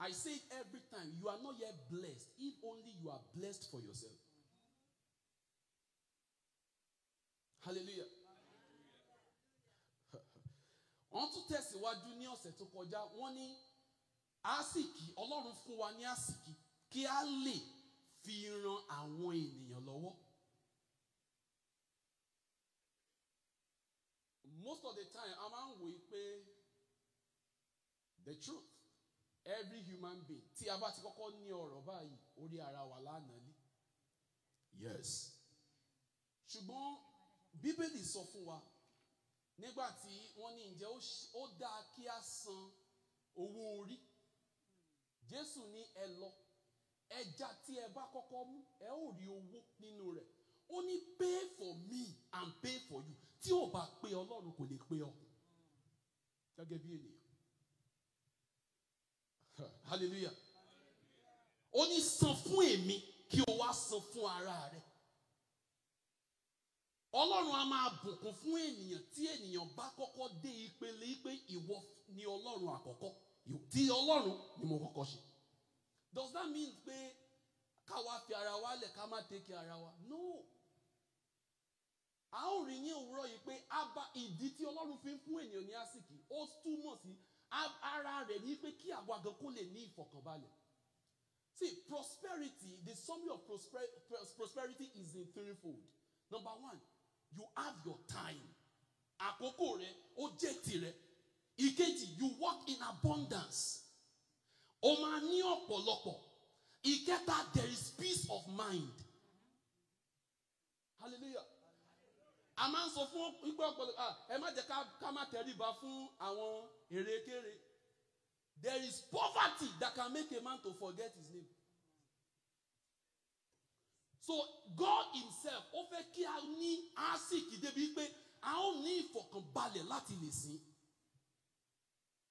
I say it every time you are not yet blessed if only you are blessed for yourself. hallelujah. wọ́n tún tẹ̀síwájú ní ọ̀sẹ̀ tó kọjá wọ́n ní àsìkí ọlọ́run fún wa ní àsìkí kí a lè fi ran àwọn ènìyàn lọ́wọ́. most of the time a máa ń wòye pé the truth every human being tí a bá ti kọ́kọ́ ní ọ̀rọ̀ báyìí orí ara wa lánàá lé yes ṣùgbọ́n bíbélì sọ fún wa nígbà tí wọ́n ní ǹjẹ́ ó dáa kí a san owó orí jésù ní ẹ lọ ẹja tí ẹ bá kọ́kọ́ mú ẹ ó rí owó nínú rẹ̀ ó ní pay for me and pay for you tí ò bá pé ọlọ́run kò lè pé ọ gẹ́gẹ́ bí ènìyàn hallelujah ó ní san fún èmi kí o wá san fún ara rẹ̀ ọlọ́run a máa bùkún fún ènìyàn tí ènìyàn bá kọ́kọ́ dé ipele pé ìwọ ni ọlọ́run àkọ́kọ́ tí ọlọ́run ni mo kọ́kọ́ ṣe does that mean pé káwa fi ara wa lẹ̀ ká má tẹ́kì ara wa no a ó rí ní òwúrọ̀ yìí pé ìdí tí ọlọ́run fi ń fún ènìyàn ní àsìkí ó túmọ̀ sí ara rẹ̀ ní pé kí àwa gan kó lè ní ìfọ̀kànbalẹ̀ see prosperity the summary of prosperity is in threefold number one you have your time àkókò rẹ ó jẹ́ tirẹ̀ ìkejì you work in abundance o máa ní ọ̀pọ̀lọpọ̀ ìkẹta there is peace of mind hallelujah a máa ń sọ fún ìgbà ọ̀pọ̀lọpọ̀ ah, ẹ má jẹ́ ká má tẹríba fún àwọn èrèkéré there is poverty that can make a man to forget his name so God himself ó fẹ́ kí a ní as balẹ̀ láti lè sìn.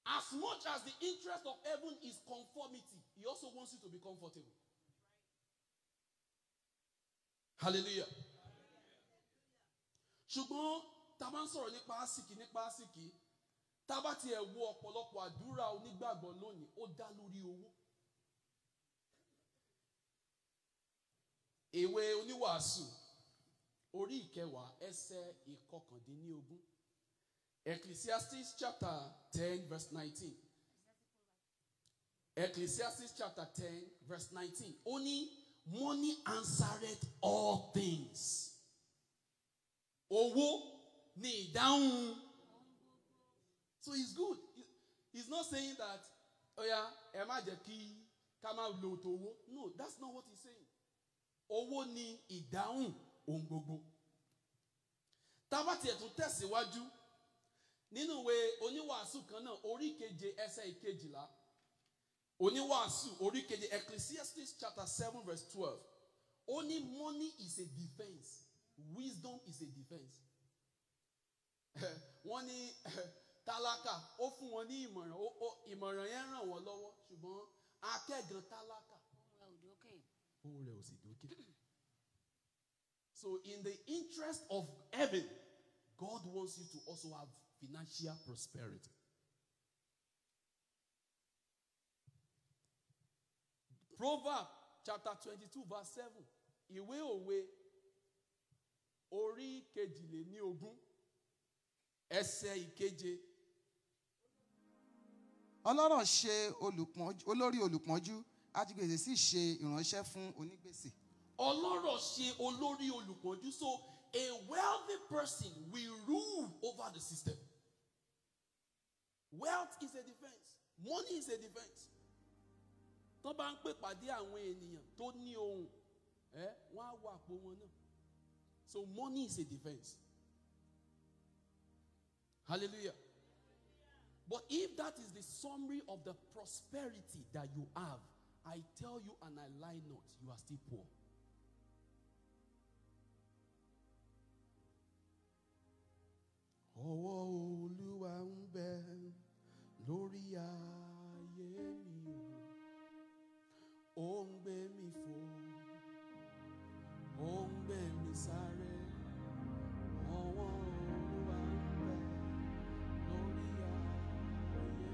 As much as the interest of heaven is conformity, he also wants you to be comfortable. Hallelujah. Ṣùgbọ́n tá a bá ń sọ̀rọ̀ nípa àsìkí nípa àsìkí tá a bá tiẹ̀ wo ọ̀pọ̀lọpọ̀ àdúrà onígbàgbọ́ lónìí ó dá lórí owó. Èwe oníwàásù orí ìkẹwàá ẹsẹ̀ ìkọkàndínlógún. Ecclesiastes chapter 10, verse 19. Ecclesiastes chapter 10, verse 19. Only money answered all things. Owo ni ìdáhùn. So it's good. He's not saying that, oh yeah, ẹ má jẹ́ kí ká má lo No, that's not what he's saying. Owo ni ìdáhùn ohun gbogbo. Tá a bá tiẹ̀ tún tẹ̀síwájú. nínú orí keje ẹsẹ̀ orí keje Ecclesiastes chapter seven verse money is a defence wisdom is a defence tálákà ìmọ̀ràn yẹn ràn wọ́n lọ́wọ́ ṣùgbọ́n akẹ́gàn tálákà ò sì dókè. So, in the interest of heaven, God wants you to also have financial prosperity. Proverb chapter twenty-two verse seven ìwé òwe orí kejìléní ogún ẹsẹ̀ ìkeje. ọlọ́rọ̀ ṣe olórí olùpọ́njú ajigbèsè sì ṣe ìránṣẹ́ fún onígbèsè. ọlọ́rọ̀ ṣe olórí olùpọ́njú so a wealthy person will rule over the system. wealth is a defense money is a defense tó bá ń pè pàdé àwọn ènìyàn tó ní ohun ẹ wọn á wọ àpò wọn náà so money is a defense hallelujah but if that is the summary of the prosperity that you have I tell you and I lie not you are still poor. oh, oh, Gloria ayé mi o ó ń gbé mi fò ó ń gbé mi sáré ọwọ́ olúwa ń bẹ lórí ayé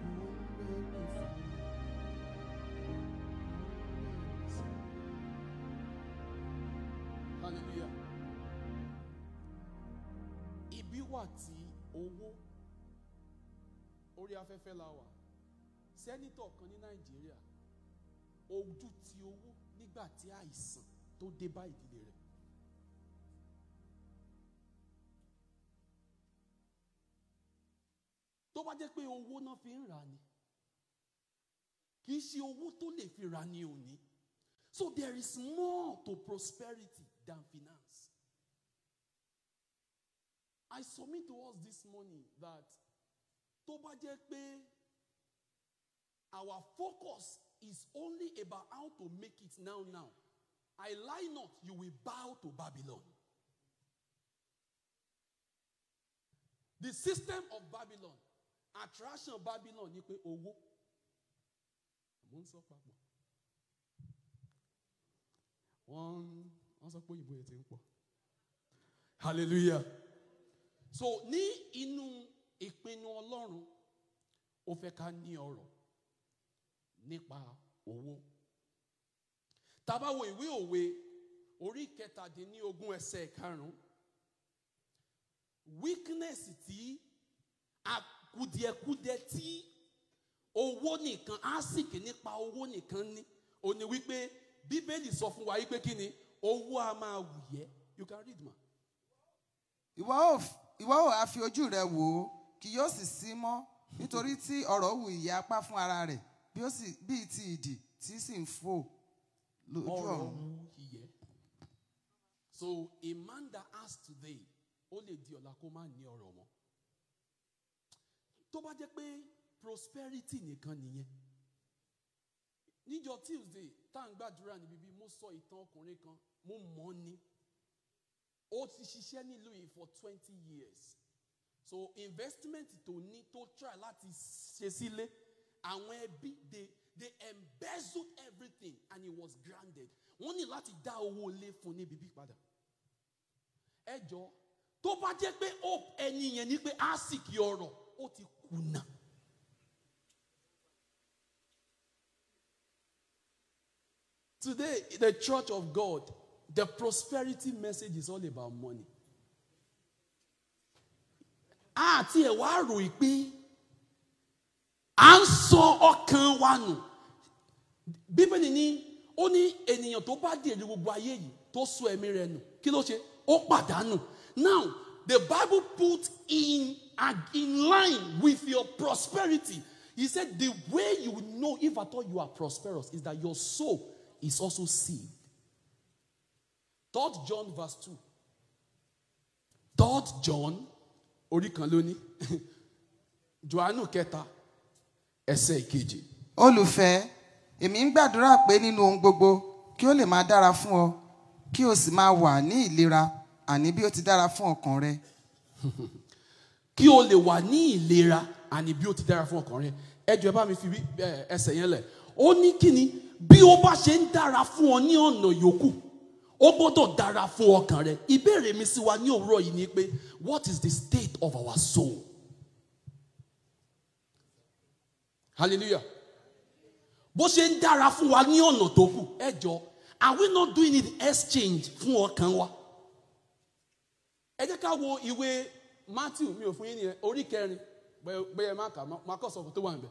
mi ó ń gbé mi fò. Hallelujah. Ibi wà tí owó orí afẹ́fẹ́ la wà sẹ́nítọ̀ kan ní nàìjíríà ojú ti owó nígbà tí àìsàn tó dé bá ìdílé rẹ̀ tó bá jẹ́ pé owó náà fi ń rà ni kì í ṣe owó tó lè fi rà ni òní so there is more to prosperity than finance. I submit to us this morning that tó bá jẹ́ pé our focus is only about how to make it now now I lie not you will bow to Babylon. The system of Babylon attraction of Babylon ni pé owó mo ń sọ papọ̀ wọ́n wọ́n sọ pé òyìnbó yẹn ti ń pọ̀ hallelujah so ní inú ìpinnu ọlọ́run ó fẹ́ ká ní ọrọ̀ nípa owó tá bá wo ìwé òwe orí kẹtàdínlógún ẹsẹ̀ karùn-ún weakness ti akùdìẹ̀kudẹ tí owó nìkan asik nípa owó nìkan ní ó ni wípé bíbélì sọ fún wa wípé kí ni owó a máa wù yẹ you can read ma. ìwà òfin ìwọ ò á fi ojú rẹ wò ó kì yóò sì sí mọ́ nítorí tí ọ̀rọ̀ wù ìyá apá fún ara rẹ̀ bí ó sì bíi ti idì tí sì ń fò lójú ọ̀run. So a man that has today only lè di ọ̀la kó má ní ọ̀rọ̀ mọ́. Tó bá jẹ́ pé prosperity nìkan nìyẹn. Níjọ́ Tuesday tá à ń gbàdúrà níbi bí mo so itan ọkùnrin kan mo money ó ti ṣiṣẹ́ nílùú yìí for twenty years so investment tó ní tó try láti ṣe sílé àwọn ẹbí they they embezzled everything and it was grounded, wọ́n ní láti dá owó ilé fún ní bíbí padà ẹ jọ tó bá jẹ́ pé hope ẹni yẹn ni pé asic ọ̀rọ̀ ó ti kùnà. Today, the church of God The prosperity message is all about money. Àti ẹ̀ wá rò í pé à ń sọ ọkàn wa ro i an so Bíbélì ni oni ní ènìyàn tó bá dèrè gbogbo ayé yìí tó sọ ẹ̀mí rẹ̀ nù. Kí ló ṣe? Ó pàdánù. Now the Bible put in, in line with your prosperity. He said the way you know if at all you are prosperous is that your soul is also saved. Third John verse 2. Third John orí kan lóní. Jòhánù kẹta ẹsẹ̀ ìkeje. Olùfẹ́, èmi ń gbàdúrà pé nínú ohun gbogbo kí ó lè máa dára fún ọ kí o sì máa wà ní ìlera àní bí ó ti dára fún ọkàn rẹ. Kí o lè wà ní ìlera àní bí ó ti dára fún ọkàn rẹ. Ẹ ẹ bá mi fi ẹsẹ̀ yẹn lẹ̀. Ó ní kí ni bí ó bá ṣe ń dára fún ọ ní ọ̀nà yòókù ó gbọ́dọ̀ dára fún ọkàn rẹ ìbéèrè mi sí wa ní òwúrọ̀ yìí ni pé what is the state of our soul hallelujah bó ṣe ń dára fún wa ní ọ̀nà tó kù ẹ jọ are we not doing it exchange fún ọkàn wa ẹ jẹ́ ká wo ìwé Matthew mi ò fún yín nìyẹn orí kẹrin bẹ́ẹ̀ má kà má kọ́ sọ̀rọ̀ tó wà níbẹ̀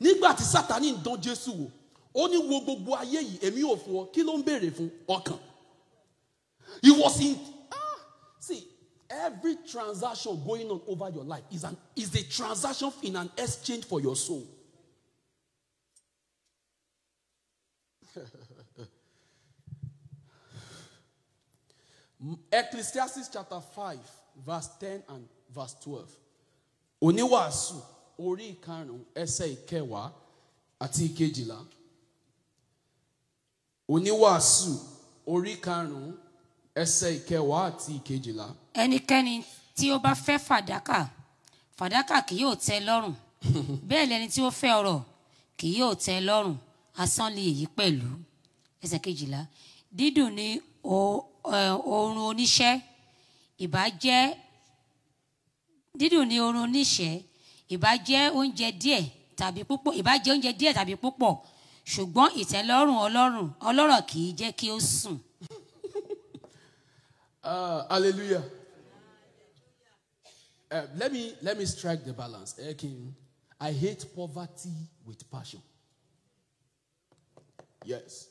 nígbà tí Sátánì ń dán Jésù wò ó ní wo gbogbo ayé yìí èmi ò fún ọ kí ló ń béèrè fún ọkàn He was in. Ah, see, every transaction going on over your life is, an, is a transaction in an exchange for your soul. Ecclesiastes chapter 5, verse 10 and verse 12. Oníwàásù orí ẹsẹ̀ ìkẹwàá àti ìkejìlá. Oníwàásù orí ẹsẹ̀ ìkẹwàá àti ìkejìlá. ẹnikẹ́ni tí ó bá fẹ́ fàdákà fàdákà kì yóò tẹ́ lọ́rùn bẹ́ẹ̀ lẹni tí ó fẹ́ ọrọ̀ kì yóò tẹ́ lọ́rùn asán lè èyí pẹ̀lú ẹsẹ̀ kejìlá dídùn ni oorun oníṣẹ́ ìbá jẹ́ dídùn ni oorun oníṣẹ́ ìbá jẹ́ oúnjẹ díẹ̀ tàbí púpọ̀ ìbá jẹ́ oúnjẹ díẹ̀ tàbí púpọ̀ ṣùgbọ́n ìtẹ́lọ́rùn ọlọ́run ọlọ́rọ̀ kì í jẹ́ kí ó sùn Uh, hallelujah. Uh, let me let me strike the balance. Eh, King, I hate poverty with passion. Yes.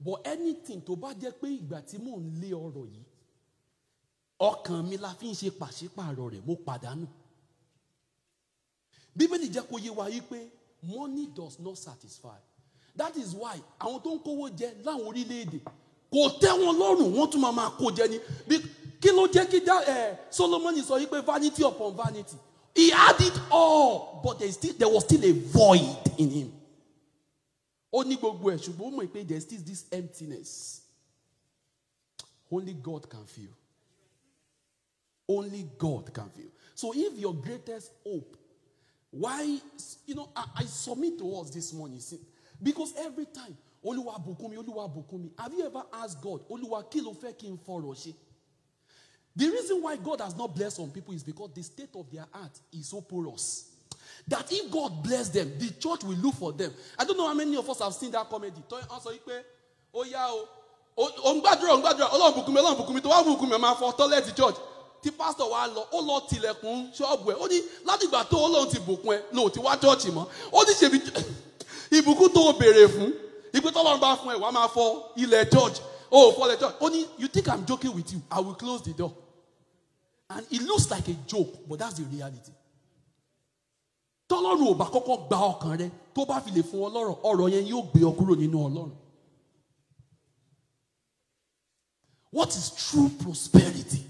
But anything to bá jẹ́ pé ìgbà tí mò ń lé ọ̀rọ̀ yìí, ọkàn mi la fi ń ṣe pàṣípààrọ̀ rẹ̀ mo pàdánù. Bíbélì jẹ́ kó yé wa yí pé money does not satisfy. That is why àwọn tó ń kówó jẹ láwọn orílẹ̀ kò tẹ́ wọn lọ́rùn wọ́n tún máa máa kó jẹ ni kí ló jẹ́ kí eh, sọ yìí pé vanity upon vanity he had it all but there, still, there was still a void in him ó ní gbogbo ẹ̀ ṣùgbọ́n ó mọ̀ pé there is still this emptiness only God can feel. only God can feel. so if your greatest hope why you know I, I submit to us this morning because every time olúwa bùkún mi olúwa bùkún mi have you ever asked God olúwa kí ló fẹ́ kí n fọ̀rọ̀ ṣe the reason why God has not blessed some people is because the state of their heart is so porous that if God bless them the church will look for them I don't know how many of us have seen that comedy tó ń sọ wípé ó yá o ò ń gbàdúrà ò ń gbàdúrà ọlọ́run bùkún mi ọlọ́run bùkún mi tó wá bùkún mi ẹ̀ máa fọ church tí pásítọ̀ wa lọ ó lọ tilẹ̀kùn ṣọ́ọ̀bù ẹ̀ ó ní látìgbà tó ọlọ́run ti bùkún ẹ lò ti wá church mọ́ ó ní ṣèbí ìbùkún tó o béèrè fún ìpè tọ́lọ́run bá fún ẹ wàá máa fọ ilẹ̀ church o fọ ilẹ̀ church ó ní you think i'm joking with you i will close the door and it looks like a joke but that's the reality tọ́lọ́run ò bá kọ́kọ́ gba ọkàn rẹ tó bá fi lè fún ọ ọ̀rọ̀ yẹn yóò gbé ọ kúrò nínú ọlọ́run what is true prosperity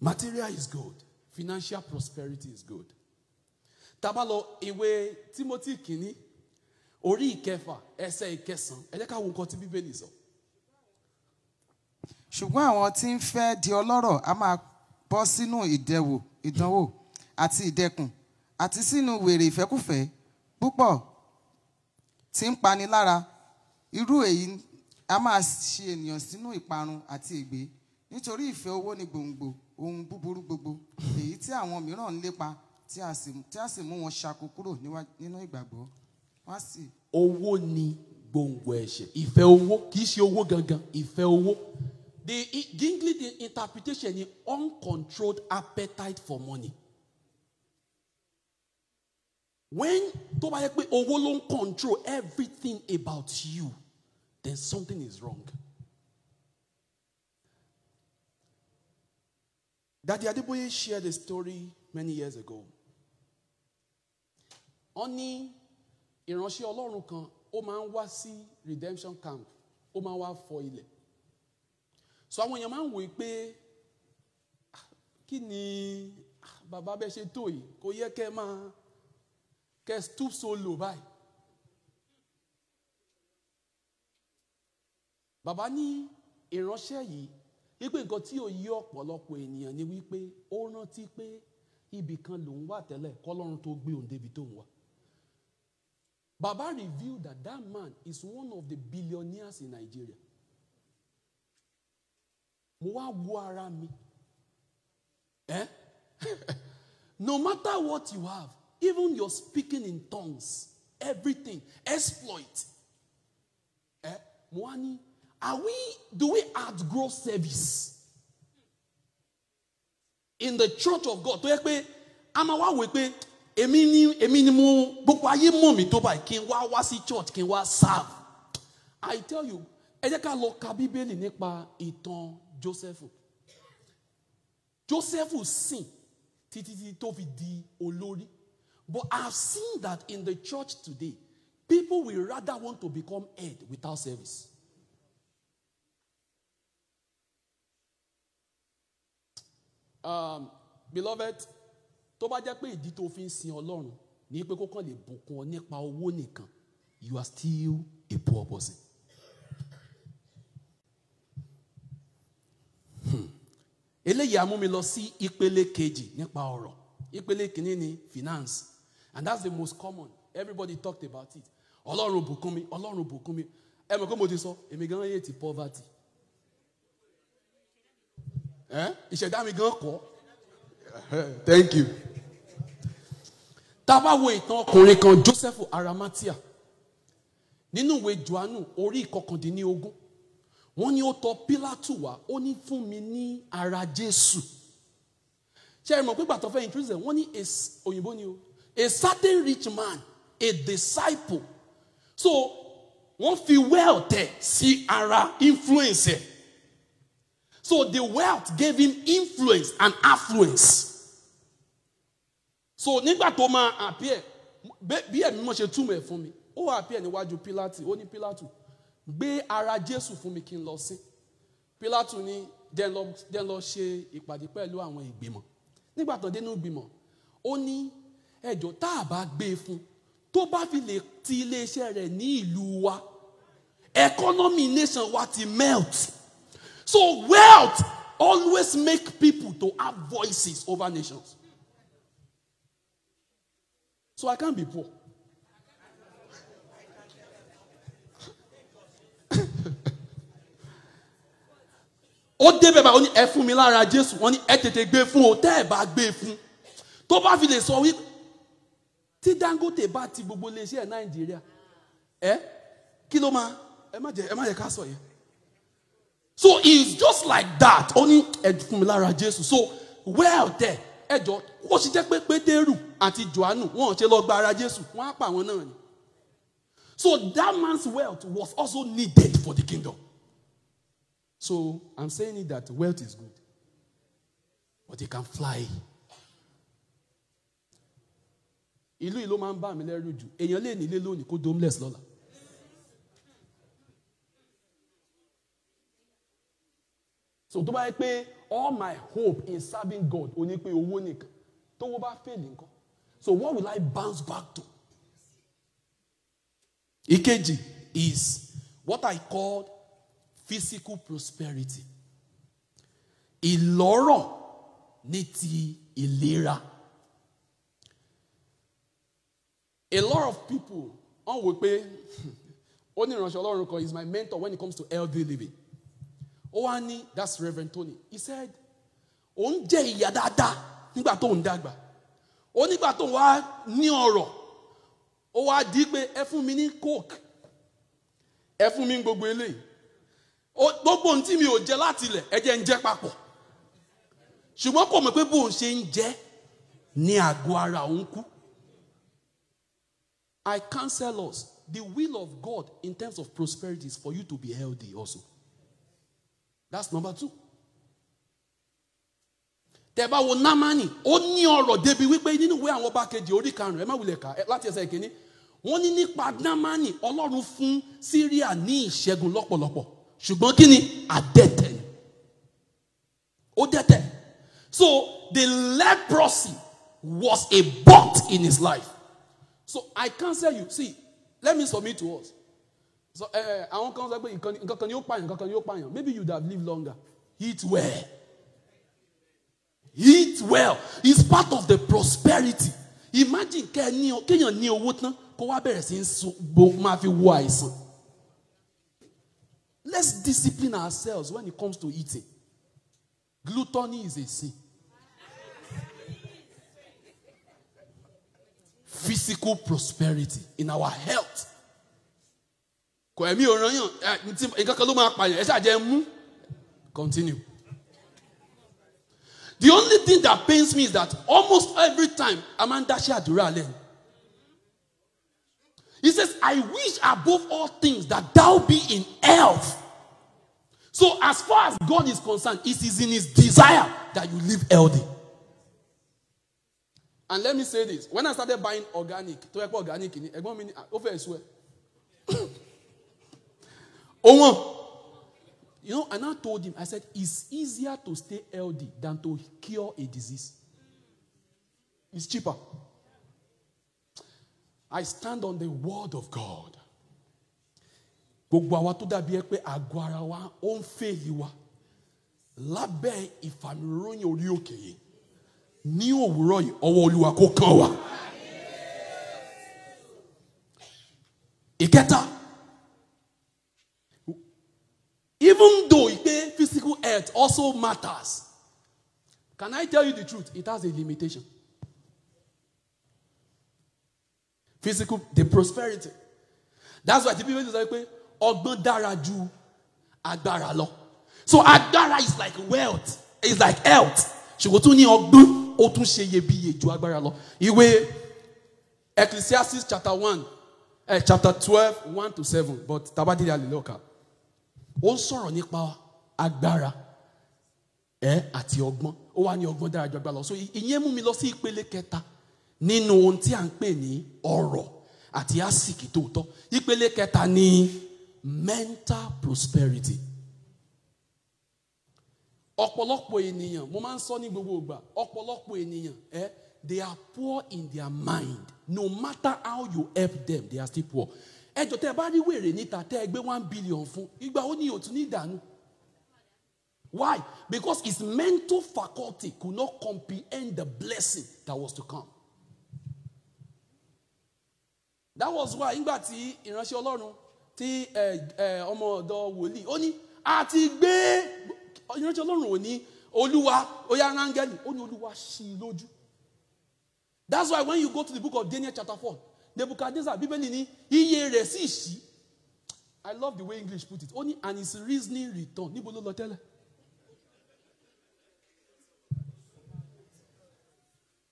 material is good financial prosperity is good tá a bá ìwé Timothy kìíní orí ìkẹfà ẹsẹ̀ ìkẹsàn ẹ jẹ́ ká wo nǹkan tí bíbélì sọ. ṣùgbọ́n àwọn tí ń fẹ́ di ọlọ́rọ̀ a máa bọ́ sínú ìdẹ̀wò ìdánwò àti ìdẹkùn àti sínú wèrè ìfẹ́kùfẹ́ púpọ̀ tí ń pani lára irú èyí a máa ṣe ènìyàn sínú ìparun àti ègbé nítorí ìfẹ́ owó ni gbòǹgbò ohun búburú gbogbo èyí tí àwọn mìíràn ń lépa tí a sì mú wọn ṣáko kúrò nínú ìgbàgbọ́. owó ni gbòǹgbò ẹ̀ṣẹ̀ ìfẹ́ owó kì ṣe owó gangan ìfẹ́ owó the english interpretation ni uncontrolled appetite for money when tó bá pé owó ló control everything about you then something is wrong. Daddy Adeboye shared a story many years ago. Oni ìránṣẹ́ ọlọ́run kan ó máa ń wá sí redemption camp ó máa ń wá fọ ilẹ̀ so àwọn èèyàn máa ń wòye pé ah, kí ni ah, bàbá bẹ́ẹ̀ ṣe tó yìí kò yẹ kẹ́ máa kẹ́ stoop so low báyìí bàbá ní ìránṣẹ́ yìí wípé nǹkan tí ò yí ọ̀pọ̀lọpọ̀ ènìyàn ni wípé ó rántí pé ibì kan lòun wà tẹ́lẹ̀ kọ́lọ́run tó gbé òun débi tóun wà Baba revealed that that man is one of the billionaires in Nigeria. Mo mi. Eh? no matter what you have, even your speaking in tongues, everything, exploit. Eh? Mo are we, do we outgrow service? In the church of God, tó yẹ pé, a èmi ni èmi ni mo gbogbo ayé mọ̀ mi tó báyìí kí n wá wá sí church kí n wá serve I tell you ẹ jẹ́ ká lọ ka bíbélì nípa ìtàn Joseph Joseph sìn títí tí tó fi di olórí but I have seen that in the church today people will rather want to become head without service. Um, beloved tó bá jẹ́ pé ìdí tó fi ń sin ọlọ́run ní pé kó lè bùkún ọ nípa owó nìkan you are still a poor person. Hmm. eléyìí á mú mi lọ sí ìpele kejì nípa ọ̀rọ̀ ìpele kìíní ni finance and that's the most common everybody talked about it ọlọ́run bùkún mi ọlọ́run bùkún mi ẹ mọ̀ pé mo ti sọ èmi gan yé ti poverty ìṣẹ̀dá mi gan kọ́ thank you tá a bá wo ìtàn ọkùnrin kan Joseph Aramatia nínú ìwé Jòhánù orí ìkọkàndínlógún wọ́n ní ó tọ̀ Pílátù wá ó ní fún mi ní ara Jésù ṣe é mọ̀ pé gbàtọ́ fẹ́ introduce wọ́n ní òyìnbó ni o a certain rich man a disciple so wọ́n fi wealth ẹ̀ sí ara influence so the wealth gave him influence and affluence so nígbà tó máa appear bí ẹ̀mí mọ́ ṣe túmọ̀ ẹ̀ fún mi ó appear níwájú Pílátì ó ní Pílátù gbé ara Jésù fún mi kí n lọ sí Pílátù ní dẹ́n lọ ṣe ìpàdé pẹ̀lú àwọn ìgbìmọ̀ nígbà tó dénú ìgbìmọ̀ ó ní ẹjọ́ tá a bá gbé e fún tó bá fi lè ti iléeṣẹ́ rẹ̀ ní ìlú wa economy nation wa ti melt so wealth always make people to have voices over nations. So I can't be poor. ó débẹ̀ bá ó ní ẹ fún mi lára Jésù wọ́n ní ẹ tètè gbé fún o tẹ́ ẹ bá gbé fún tó bá fi lè sọ wí tí Dangote bá ti gbogbo iléeṣẹ́ ẹ̀ Nàìjíríà ẹ kí ló máa ẹ má jẹ ẹ má jẹ ká sọ yẹn so it's just like that ó ní ẹ fún mi lára Jésù so well there ẹjọ́ ó sì jẹ́ pé pétérù àti johannu wọn ṣe lọ gba ara jésù wọn á pa àwọn náà ni so that man's wealth was also needed for the kingdom so i'm saying that wealth is good but it can fly ìlú yìí ló máa ń bá mi lẹ́rù jù èèyàn lè nílé lónìí kó domless lọ́la. so tó bá yẹ all my hope in serving God ò ní pé owó so what will I bounce back to? Ìkejì is what I call physical prosperity. Ìlọ́rọ̀ niti ilira. A lot of people wọ́n wò pé ó is my mentor when it comes to healthy living. ó wá ní that's Reverend Tony he said òun jẹ ìyà dáadáa nígbà tó ń dàgbà ó nígbà tó wá ní ọ̀rọ̀ ó wá di pé ẹ fún mi ní coke ẹ fún mi ní gbogbo eléyìí gbogbo ohun tí mi ò jẹ láti ilẹ̀ ẹ jẹ́ ń jẹ papọ̀ ṣùgbọ́n kò mọ̀ pé bóun ṣe ń jẹ ní àgọ́ ara òun kú I cancel us the will of God in terms of prosperity is for you to be healthy also. That's number two. Tẹ́ bá wo Námánì, ó ní ọ̀rọ̀ débi wípé nínú ìwé àwọn ọba kejì orí karùn-ún ẹ má wulẹ̀ kà láti ẹsẹ̀ ìkíní. Wọ́n ní nípa Námánì Ọlọ́run fún Síríà ní ìṣẹ́gun lọ́pọ̀lọpọ̀ ṣùgbọ́n kí ni àdẹ́tẹ̀ ni ó dẹ́tẹ̀. So the leprosy was a bot in his life. So I counsel you see let me submit to us So eh, eh, àwọn kan sọ pé nǹkan kan ni ó pààyàn nǹkan kan ni pààyàn maybe you have lived longer. Eat well. Eat well is part of the prosperity. Imagine kéèyàn ní owó tán kó wá bẹ̀rẹ̀ sí í máa fi wo àìsàn. Let's discipline ourselves when it comes to eating. Gluttony is a sin. Physical prosperity in our health kò ẹ̀mí ò rányàn nǹkan kan ló máa pààyàn ẹ ṣàjẹ́ mú continue. The only thing that pains me is that almost every time a máa ń dáṣẹ́ àdúrà lẹ́nu. He says, I wish above all things that thou be in health. So, as far as God is concerned, it is in his desire that you live healthy. And let me say this when I started buying organic, to organic, ẹ̀gbọ́n mi ni ó fẹ́ swear. Owen. You know, and I told him, I said, it's easier to stay healthy than to cure a disease. It's cheaper. I stand on the word of God. gbogbo àwa tó dàbí wa ó wa lábẹ́ ìfàmìròyìn orí òkè yìí ní òwúrọ̀ yìí ọwọ́ olúwa kó kàn wá. ìkẹta. even though pé physical health also matters can I tell you the truth it has a limitation physical the prosperity that's why the people say pé ọgbọ́n dára ju agbára lọ so agbára is like wealth is like health ṣùgbọ́n tún ní ọgbọ́n ó tún ṣe iyebíye ju agbára lọ ìwé Ecclesiastes chapter one eh, chapter twelve one to seven but tabadiri alilọ́ka. ó ń sọ̀rọ̀ nípa agbára ẹ àti ọgbọ́n ó wá ní ọgbọ́n dára ju agbára lọ so ìyẹn mú mi lọ sí ìpele kẹta nínú ohun tí à ń pè ní ọrọ̀ àti àsìkí tòótọ́ ìpele kẹta ni mental prosperity ọ̀pọ̀lọpọ̀ ènìyàn mo máa ń sọ ní gbogbo ìgbà ọ̀pọ̀lọpọ̀ ènìyàn ẹ they are poor in their mind no matter how you help them they are still poor ẹjọ tẹ bá rí wèrè níta tẹ ẹ gbé one billion fún ìgbà ó ní òtún ní ìdànù why because his mental faculty could not comprehend the blessing that was to come that was why nígbà tí ìránṣẹ́ Ọlọ́run tí ọmọ ọ̀dọ̀ wòlíì ó ní àti gbé ìránṣẹ́ Ọlọ́run ò ní olúwa oya rángẹ́lì ó ní olúwa ṣí i lójú that's why when you go to the book of Daniel chapter four Nebuchadnezzar, Bíbélì ní iye rẹ̀ sì I love the way English put it. Only and his reasoning return. Níbo ló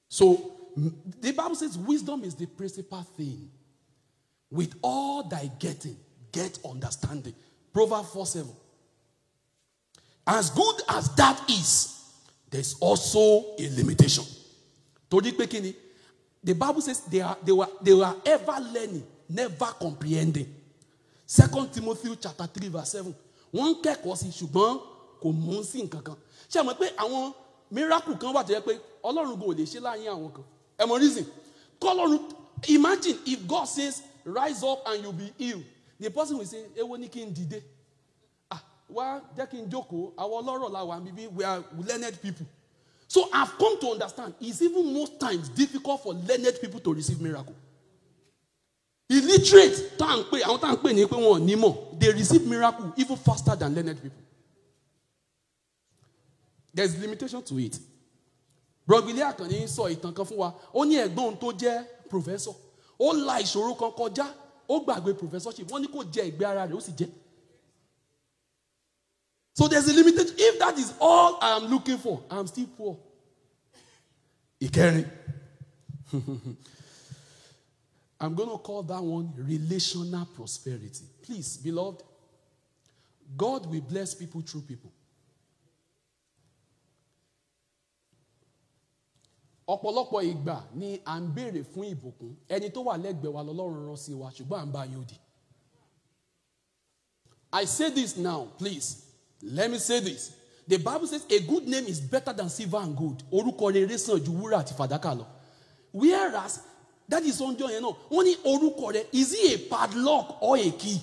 So the Bible says wisdom is the principal thing. With all thy getting, get understanding. Proverbs 4 7. As good as that is, there's also a limitation. Torí pé The Bible says they, are, they, were, they were ever learning, never comprehending. Second Timothy chapter three verse seven. Wọ́n ń kẹ́kọ̀ọ́ sí ṣùgbọ́n kò mú sí nǹkan kan. Ṣé ẹ mọ̀ pé àwọn miracle kan wà tó yẹ pé Ọlọ́run kò lè ṣe láàyè àwọn kan? Ẹ mọ̀ reason. Kọ́lọ́run imagine if God says rise up and you be healed. The person will say "Ewo ni kí n dìde? Ah wá jẹ́ kí n jókòó àwọn ọlọ́rọ̀ la wà we are learned people. So I've come to understand it's even most times difficult for learned people to receive miracle. Illiterate, I want one, ni they receive miracle even faster than learned people. There's limitation to it. Bro, Àkànní ń sọ saw kan fún wa. oni ní ẹ̀gbọ́n òun professor. Ó la ìṣòro kan kọjá. Ó gbàgbé professorship. Wọ́n ní kò jẹ ìgbé ara rẹ̀ je. So there's a limitation. If that is all I am looking for, I'm still poor. You carry? I'm going to call that one relational prosperity. Please, beloved, God will bless people through people. ọ̀pọ̀lọpọ̀ ìgbà ni à ń béèrè fún ìbùkún ẹni tó wà lẹ́gbẹ̀ẹ́ wa lọ́lọ́run rán sí wa ṣùgbọ́n à ń bá yóò dì. I say this now, please. Let me say this. The Bible says a good name is better than silver and gold. Orúkọ rere sàn ju wúrà àti fàdákà lọ. Whereas that is ọjọ́ yẹn náà, wọ́n ní orúkọ rẹ̀ is he a padlock or a key?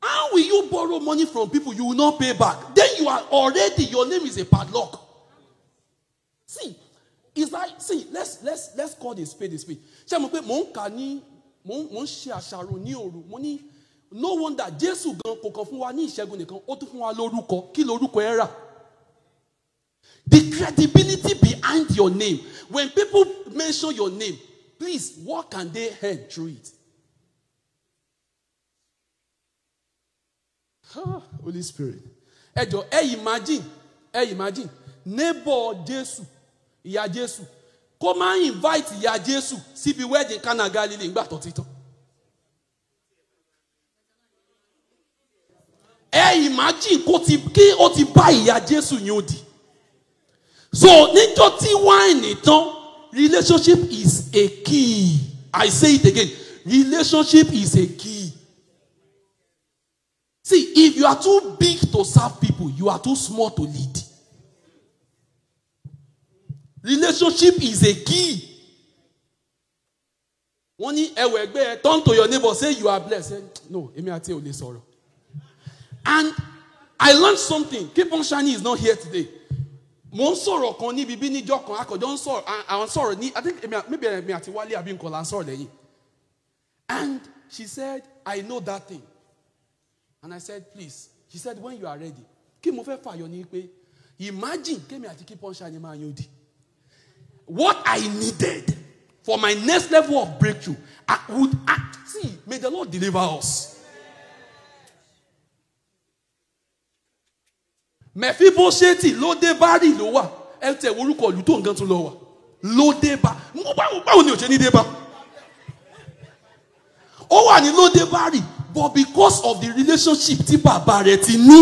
How will you borrow money from people you will not pay back? Then you are already, your name is a padlock. See, it's like, see, let's, let's, let's call the spade a spade. Ṣé mo pé mò ń kà ni mò ń ṣe àṣàrò ní òru, mo ní no wonder jésù gan kò kàn fún wa ní ìṣẹ́gun nìkan ó tún fún wa lórúkọ kí lórúkọ ẹ rà. The credibility behind your name when people mention your name please what can they hear through it. Ah, Holy Spirit ẹ jọ ẹ imagine ẹ imagine neighbor jésù ìyá jésù kó máa invite ìyá jésù síbi wedding Cana Galilee ńgbà tó ti tán. ẹ imagine kó ti kí ó ti bá ìyá Jésù yín ó di so níjọ́ tí wáìnì tán relationship is a key I say it again relationship is a key see if you are too big to serve people you are too small to lead relationship is a key wọ́n ní ẹwẹ̀ ẹgbẹ́ turn to your neighbor say you are blessed no èmi àti ẹ ò lè And I learned something. Keep on shining is not here today. Mo ń sọ̀rọ̀ kan níbi bí níjọ́ kan akọ̀jọ́ ń sọ̀rọ̀ àwọn sọ̀rọ̀ ní I think maybe èmi àti Wálé àbí nǹkan là ń sọ̀rọ̀ And she said I know that thing. And I said please. She said when you are ready. Kí mo fẹ́ fàyọ ni pé imagine kémi àti keep on shining máa yan odi. What I needed for my next level of breakthrough I would act see may the Lord deliver us. mẹ̀fíbóṣẹ́tì lódébárì ló wà ẹ tẹ̀ orúkọ ìlú tó nǹkan tún lọ wà lódébá báwo ni ò ṣe ní débá ó wà ní lódébárì but because of the relationship tí bàbá rẹ̀ ti ní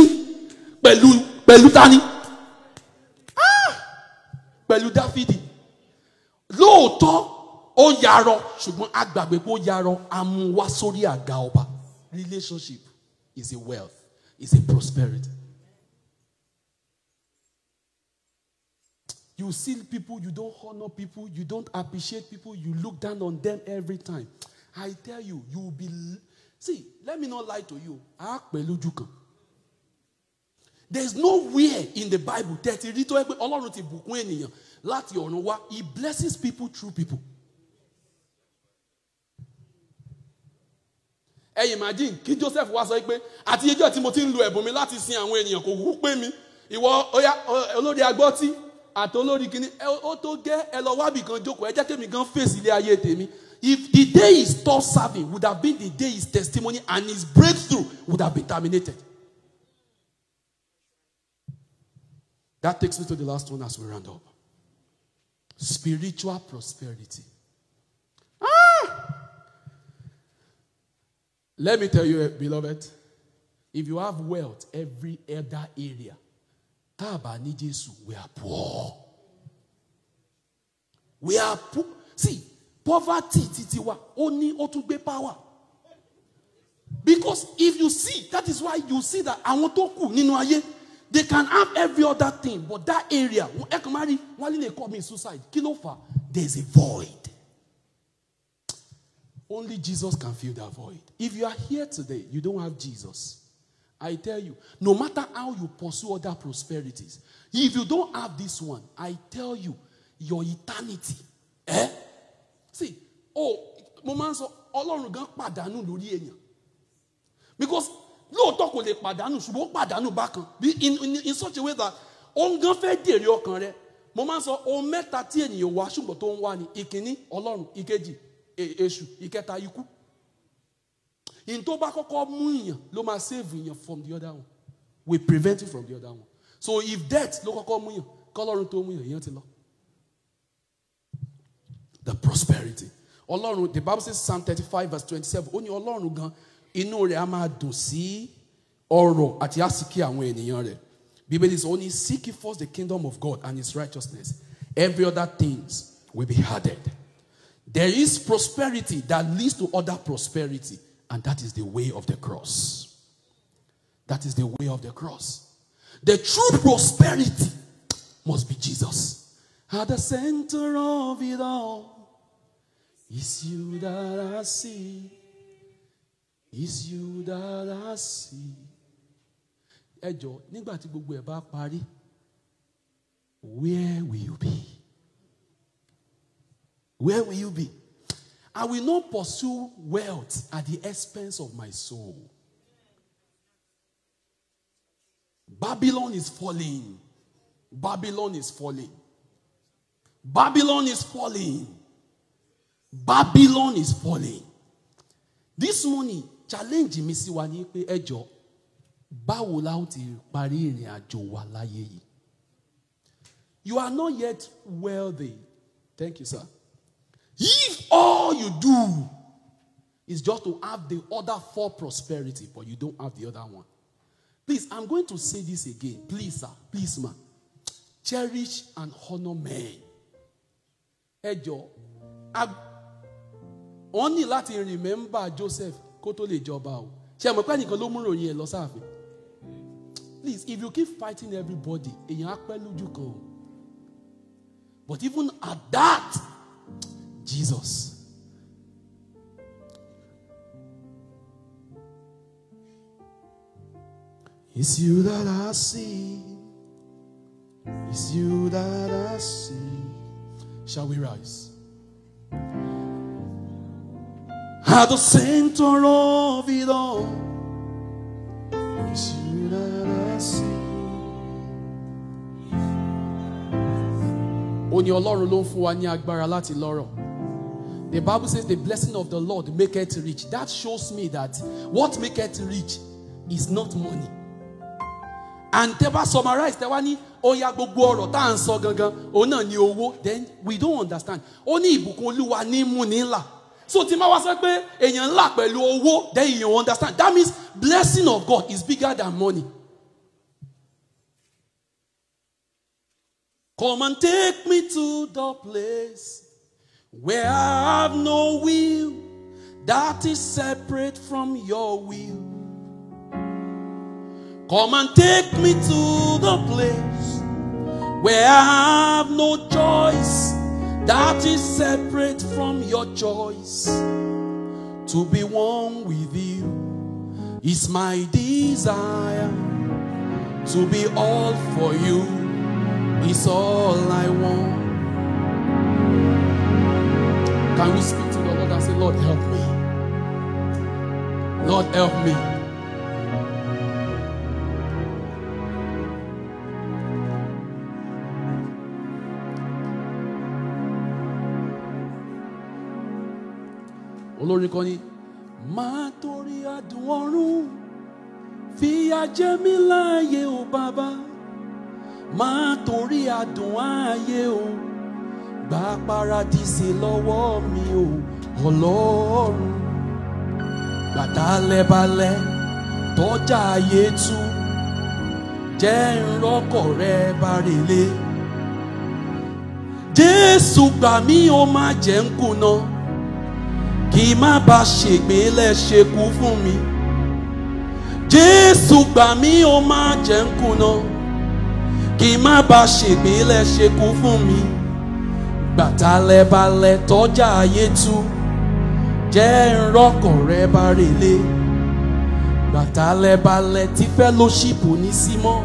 pẹ̀lú pẹ̀lú tani ah! pẹ̀lú dáfídì lóòótọ́ ó yarọ ṣùgbọ́n a gbàgbé pé ó yarọ a mú wá sórí àga ọba relationship is a wealth is a prosperity You see people, you don't honor people, you don't appreciate people, you look down on them every time. I tell you, you will be. See, let me not lie to you. There's nowhere in the Bible that he read to Ọlọ́run ti bùkún ènìyàn He blesses people through people. Hey, imagine kí Joseph wá sọ pé àti ẹjọ́ tí mo ti ń lo ẹ̀bùn mi láti sin àwọn ènìyàn kò wú pé mi. Ìwọ olórí agbọ́tí àtolórí kìíní ó tó gẹ́ ẹ lọ wábì kan jókòó ẹ jẹ́ kémi gan fèsì ilé ayé tèmi if the day he stop serving would have been the day his testimony and his breakthrough would have been terminated. That takes me to the last one as we round up. Spiritual prosperity. Ah! Let me tell you, beloved, if you have wealth every other area, tá a bá ní Jésù we are poor we are poor see poverty titi wa ó ní ó tún gbé power because if you see that is why you see that àwọn tó kù nínú ayé they can have every other thing but that area ẹ kàn máa rí wọn lè commit suicide kí ló fà there is a void only Jesus can fill that void if you are here today you don't have Jesus. I tell you, no matter how you pursue other prosperities, if you don't have this one, I tell you, your eternity. Eh? See, oh, mo máa ń sọ ọlọ́run gan pàdánù because lóòótọ́ kò lè pàdánù ṣùgbọ́n ó pàdánù bákan bí in in in such a way that òun gan fẹ́ dèrè ọkàn rẹ mo máa ń sọ ohun mẹ́ta tí ènìyàn wá ṣùgbọ́n tó ń wá ni ìkíní ọlọ́run ìkejì e-, èṣù ìkẹta ikú In you from the other one. We prevent it from the other one. So if death, the prosperity. Ọlọ́run the bible says psalm thirty-five verse twenty seven. Only ní ọlọ́run gan inú rẹ̀ á máa sí ọrọ̀ àti àsìkí àwọn ènìyàn rẹ̀ bíbélì sọ only seek first the kingdom of God and his righteousness every other things will be added there is prosperity that leads to other prosperity and that is the way of the cross. That is the way of the cross. The true prosperity must be Jesus. At the center of it all is you that I see. Is you that I see. Ẹ jọ̀ọ́ nígbà tí to ẹ̀ bá parí, where will you be? Where will you be? I will not pursue wealth at the expense of my soul. Babylon is falling. Babylon is falling. Babylon is falling. Babylon is falling. This morning, challenge mi sí wa ní pé ẹjọ́ báwo la ó ti parí ìrìn wa láyé yìí. You are not yet wealthy. Thank you, sir. If all you do is just to have the other four prosperity, but you don't have the other one. Please, I'm going to say this again. Please, sir. Please, ma. Cherish and honor men. Hey, Joe. Only ní remember Joseph Koto lè jọba o. Ṣé ẹ̀mọ̀ pé lọ Please, if you keep fighting everybody, èèyàn á pẹ́ But even at that, Jesus. It's you that I see. It's you that I see. Shall we rise? At the center of it all, it's you that I see. Ó ní Ọlọ́run ló ń fún wa ní agbára láti lọ́rọ̀. The Bible says the blessing of the Lord maketh rich. That shows me that what maketh rich is not money. And Teba summarized the one oya gbogbo ọ̀rọ̀ tá à ń sọ gangan ni owó then we don't understand. Oni ní ìbùkún Olúwa ní mú ní So tí máa wá sọ pé èèyàn ńlá then you understand. That means blessing of God is bigger than money. Come and take me to the place. Where I have no will that is separate from your will. Come and take me to the place where I have no choice that is separate from your choice. To be one with you is my desire. To be all for you is all I want. Can we speak to the Lord and say, Lord, help me? Lord, help me. olórin kan ní máa torí adùn ọ̀run fìyà jẹ mí láàyè o bàbá máa torí adùn ààyè o gba paradíṣe lọ́wọ́ mi o ọlọ́run gbàdálẹ́balẹ̀ tọ́jà ayé tú jẹ́ ńrọ́kọ̀ rẹ bárelé jésù gbà mí ó má jẹ́ ń kùnà kí má bàa ṣègbè lẹ́ṣekú fún mi jésù gbà mí ó má jẹ́ ń kùnà kí má bàa ṣègbè lẹ́ṣekú fún mi. Jésù, gbàtàlẹ́balẹ̀ tọ́jà ayé tú jẹ́ ń rọ́kàn rẹ bá relé gbàtàlẹ́balẹ̀ tí fellowship ní símọ́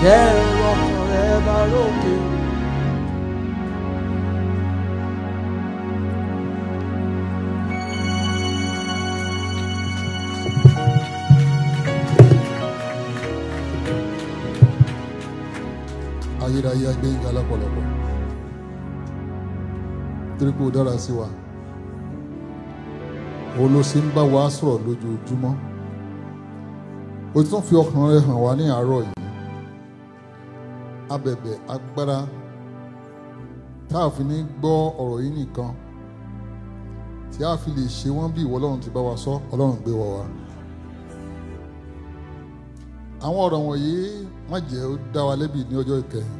jẹ́ ń rẹ bá rókè o. ayérayé agbẹ́yìnká lápọ̀lọpọ̀ torí pé o dára sí wa o ló ṣe ń bá wa sọ̀rọ̀ lójoojúmọ́ o ti tún fi ọkàn rẹ hàn wá ní àárọ̀ yìí abẹ̀bẹ̀ agbára tá a fi ní gbọ́ ọ̀rọ̀ yìí nìkan tí a fi lè ṣe wọ́n bí ìwọ ọlọ́run ti bá wa sọ ọlọ́run gbé wa àwọn ọ̀rọ̀ wọ̀nyí wọ́n jẹ́ ó dá wa lẹ́bi ní ọjọ́ ìkẹyìn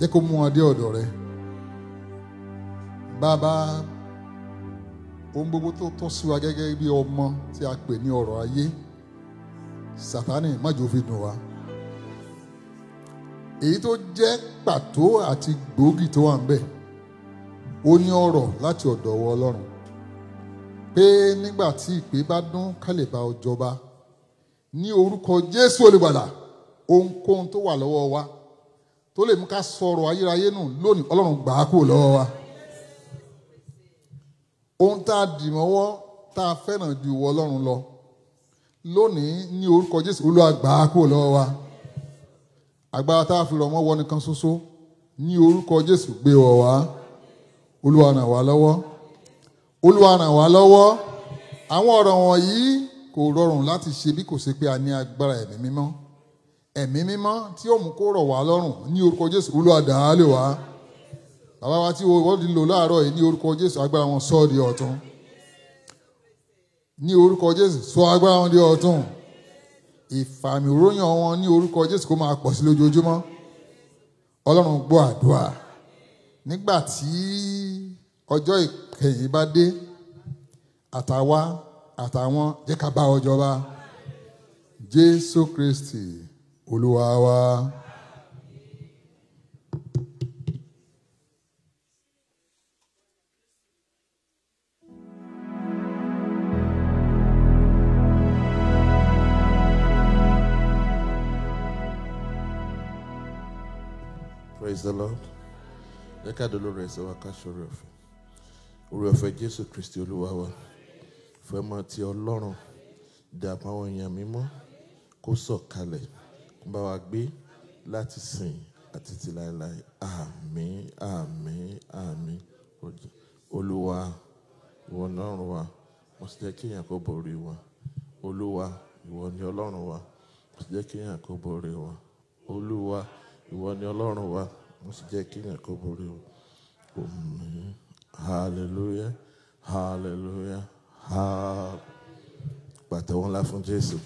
jẹ́ kó mú wọn dé ọ̀dọ̀ rẹ bàbá ohun gbogbo tó tọ́ sí wa gẹ́gẹ́ bí ọmọ tí a pè ní ọ̀rọ̀ ayé sàtánì má jò fi dùn wa èyí tó jẹ́ pàtó àti gbòógì tó wà ń bẹ̀ ó ní ọ̀rọ̀ láti ọ̀dọ̀ ọwọ́ ọlọ́run pé nígbà tí ìpè bá dún ká bá ọ jọba ní orúkọ jésù olùgbàlà ohunkóhun tó wà lọ́wọ́ wa tó lè mú ká sọ̀rọ̀ ayérayé nù lónìí ọlọ́run gbà á kúrò lọ́wọ́ wa. ohun tá a dì mọ́wọ́ tá a fẹ́ràn ju ìwọ ọlọ́run lọ lónìí ní orúkọ jésù olúwa gbà á kúrò lọ́wọ́ wa. agbára tá a fi rọ̀ mọ́ wọ nìkan ṣoṣo ní orúkọ jésù gbé wọ̀ wá olúwa ràn wá lọ́wọ́ olúwa ràn wá lọ́wọ́ àwọn ọ̀rọ̀ wọ̀nyí kò rọrùn láti ṣe bí kò ṣe pé a ní agbára ẹ̀mí mímọ́ ẹ̀mí mímọ́ tí ó mú kó rọ̀ wá lọ́rùn ní orúkọ Jésù Olúwa dá wá bàbá wa tí wọ́n ti lò láàárọ̀ yìí ní orúkọ Jésù agbára wọn sọ di ọ̀tun ní orúkọ Jésù sọ agbára wọn di ọ̀tun ìfàmì òróyàn wọn ní orúkọ Jésù kó máa pọ̀ sí lójoojúmọ́ Ọlọ́run gbọ́ àdúrà nígbà tí ọjọ́ ìkẹyìn bá dé àtàwa àtàwọn jẹ́ bá ọjọ́ bá Jésù Kristi olúwa Praise the Lord. Ẹ ká dolóore ẹsẹ̀ wa ká ṣoore ọ̀fẹ́. Oore ọ̀fẹ́ Jésù Kristi Olúwa wa. Fẹ́ máa ti Ọlọ́run dàpọ̀ àwọn èèyàn mímọ́ kó sọ̀kalẹ̀ bá wa gbé láti sìn àti ti láéláé àmín àmín àmín olúwa ìwọ ni ọlọ́run wa mo sì jẹ́ kí kó borí wa olúwa ìwọ ni ọlọ́run wa mo sì jẹ́ kí kó borí wa olúwa ìwọ ni ọlọ́run wa mo sì jẹ́ kí kó borí wa àmín hallelujah hallelujah ha. pàtẹ́wọ́n ńlá fún jésù.